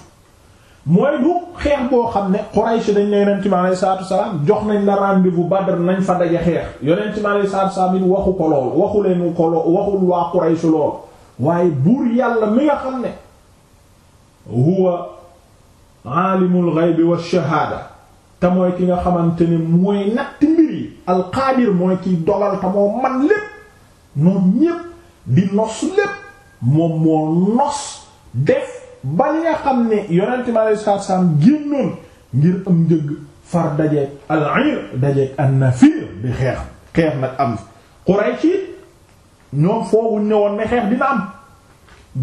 mooy du xeex boo xam ne Quraysh dañ ne yonent mi alayhi salaatu salaam jox nañ la rendez-vous Badr nañ fa daje xeex yonent mi alayhi salaatu salaam it waxu ko lool waxu leen ko lool waxul waa Quraysh lool waaye buur yàlla mi nga xam ne huwa aalimul ghaybi wa shahaada te mooy ki nga xamante ni mooy natt mbir yi alqaadir mooy kiy dogal te moo man lépp noom ñépp di nos lépp moom moo nos def ba nga xam ne yonente mi alei saatu salaam génnoon ngir am njëgg far dajeeg al ir dajeeg an nafir di xeex xeex nag am Quraysh yi ñoom fooguñ ne woon ne xeex dina am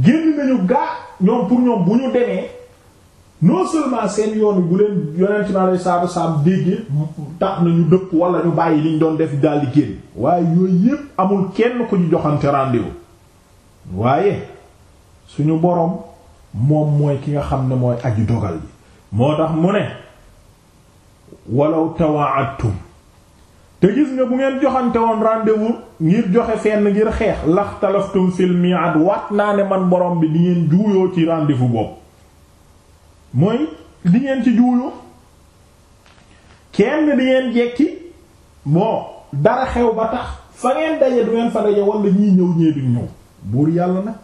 génn nañu gaa ñoom pour ñoom bu ñu demee non seulement seen yoon bu leen yonent bi alayhi salaatu wasalaam dégg tax na ñu dëpp wala ñu bàyyi li doon def daldi génn waaye yooyu yépp amul kenn ku ñu joxante rendez-vous waaye suñu boroom moom mooy ki nga xam ne mooy aju dogal bi moo tax mu ne walaw tawaattum te gis nga bu ngeen joxante woon rendez ngir joxe fenn ngir xeex laxtalaftum fil mi'ad waat naa ne man boroom bi di ngeen juuyoo ci rendez-vous mooy di ngeen ci juuyoo kenn di ngeen jekki bon dara xew ba tax fa ngeen daje du ngeen fa daje wala ñiy ñëw ñee duñ ñëw buur yàlla nag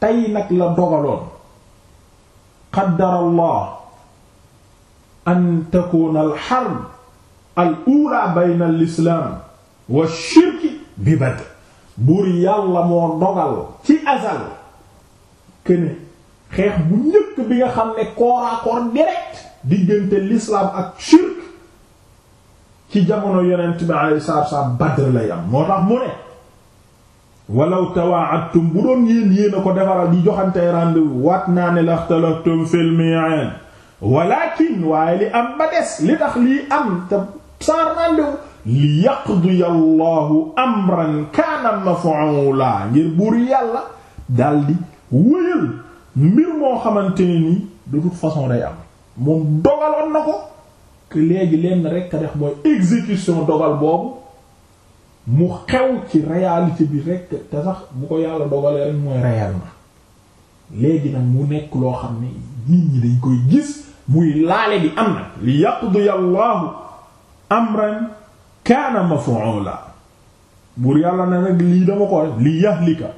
tey nag la dogaloon qaddarallah an takuna al harb al ula bayna al islam wa shirki bi Badr buur yàlla moo dogal ci azal këne xeex bu njëkk bi nga xam ne corps à diggante l'islam ak shirk ci jamono yonent bi alayhi salaatu wasallam Badr la yam moo tax mu ne walaw tawaadtum bu doon yéen yéen ko defaral di joxantey rendez-vous waat naa ne laxtalaftum fil mi'an walakin waaye li am ba des li tax lii am te sans rendez-vous li yaqdiya allahu amran kaana maf'ula ngir buur yàlla daldi wëyal mbir moo xamante ni nii de toute façon day am moom dogaloon na ko que léegi lenn rek a def mooy exécution dogal boobu mu xew ci réalité bi rek te sax bu ko yàlla dogalee rek mooy rayal na léegi nag mu nekk loo xam ne nit ñi dañ koy gis muy laale bi am na li yaqdi allahu amran kaana maf'ula buur yàlla na nag li dama ko li yahlika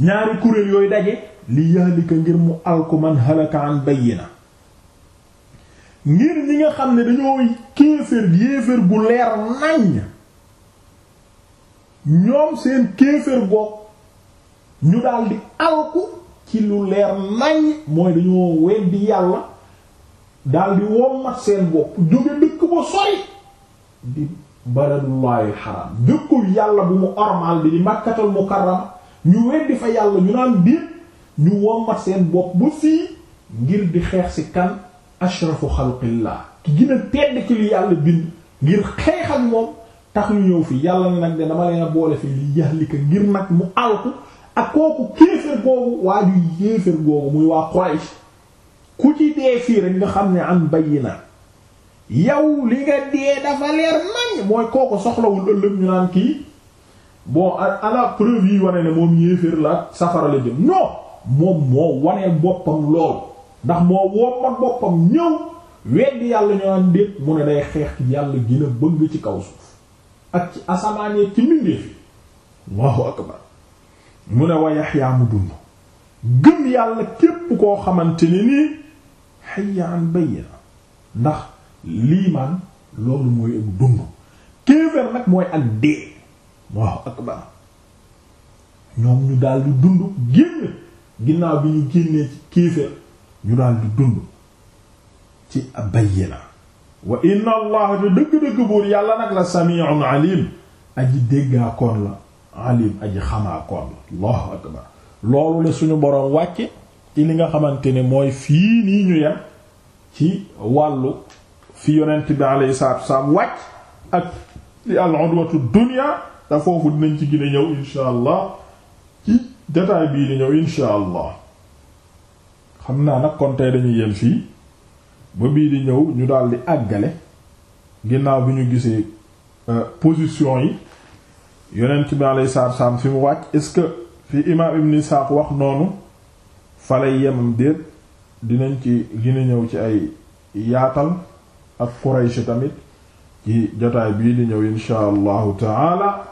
ñaari kuréel yooyu daje li yahlika ngir mu alku man halaka an bayyina ngir ñi nga xam ne dañoo kéefër yéefër gu leer naññ ñoom seen kéefër goog ñu daldi alku ci lu leer naññ mooy dañoo weddi yàlla daldi wommat seen bopp jóge dëkk ba sori di baradullahil haram dëkkul yàlla bu mu ormal bi di makkatal mukarrama ñu weddi fa yàlla ñu naan biir ñu wommat seen bopp ba fii ngir di xeex si kan ashrafu xalqillah ki gën a tedd ci li yàlla bind ngir xeex ak moom tax ñu ñëw fi yàlla ne nag de dama leen a fi li yahlika ngir nag mu alku ak kooku kéefër googu waa ju yéefër googu muy waa Quraysh ku ci dee fii rek nga xam ne am bayyina yow li nga dee dafa leer nañ mooy kooku soxlawul ëllëg ñu naan kii bon à preuve yi wane ne moom yéefër la safara la jëm non moom moo wanee boppam lool ndax moo wommat boppam ñëw weddi yàlla ñoo am déet mu ne day xeex yàlla gën a bëgg ci kaw suuf ak ci asamaanee ci mbindeef yi Allahu akbar mu ne wa Yaxya dund gëm yàlla képp koo xamante ni nii xayyaan bayya ndax liimaan loolu mooy ak dund kéefër nag mooy ak dee Allahu akbar ñoom ñu daal dund génn ginnaaw bi ñu génnee ci kéeféer ñu daal dund ci bayyina wa inna allaha te dëgg-dëgg buur yàlla nag la sami'un alim aji déggaakoon la alim aji xamaakoon la allahu akbar loolu la suñu boroom wàcce ci li nga xamante ne mooy fii nii ñu yem ci wàllu fi yonent bi alayhi salaatu wasalaam wàcc ak li al-udwatu dunya da foofu dinañ ci gën ñëw insha allah jotaay bii di ñëw insha allah xam naa nag kon tey dañuy yem fii ba bii di ñëw ñu daldi àggale ginnaaw bi ñu gisee euh, position yi yonent bi alayhi salaatu salaam fi mu wàcc est fi imaam ibn Isaaq wax noonu fa yemam déet dinañ ci gën ñëw ci ay yaatal ak Quraysh tamit ci jotaay bii di ñëw insha allahu taala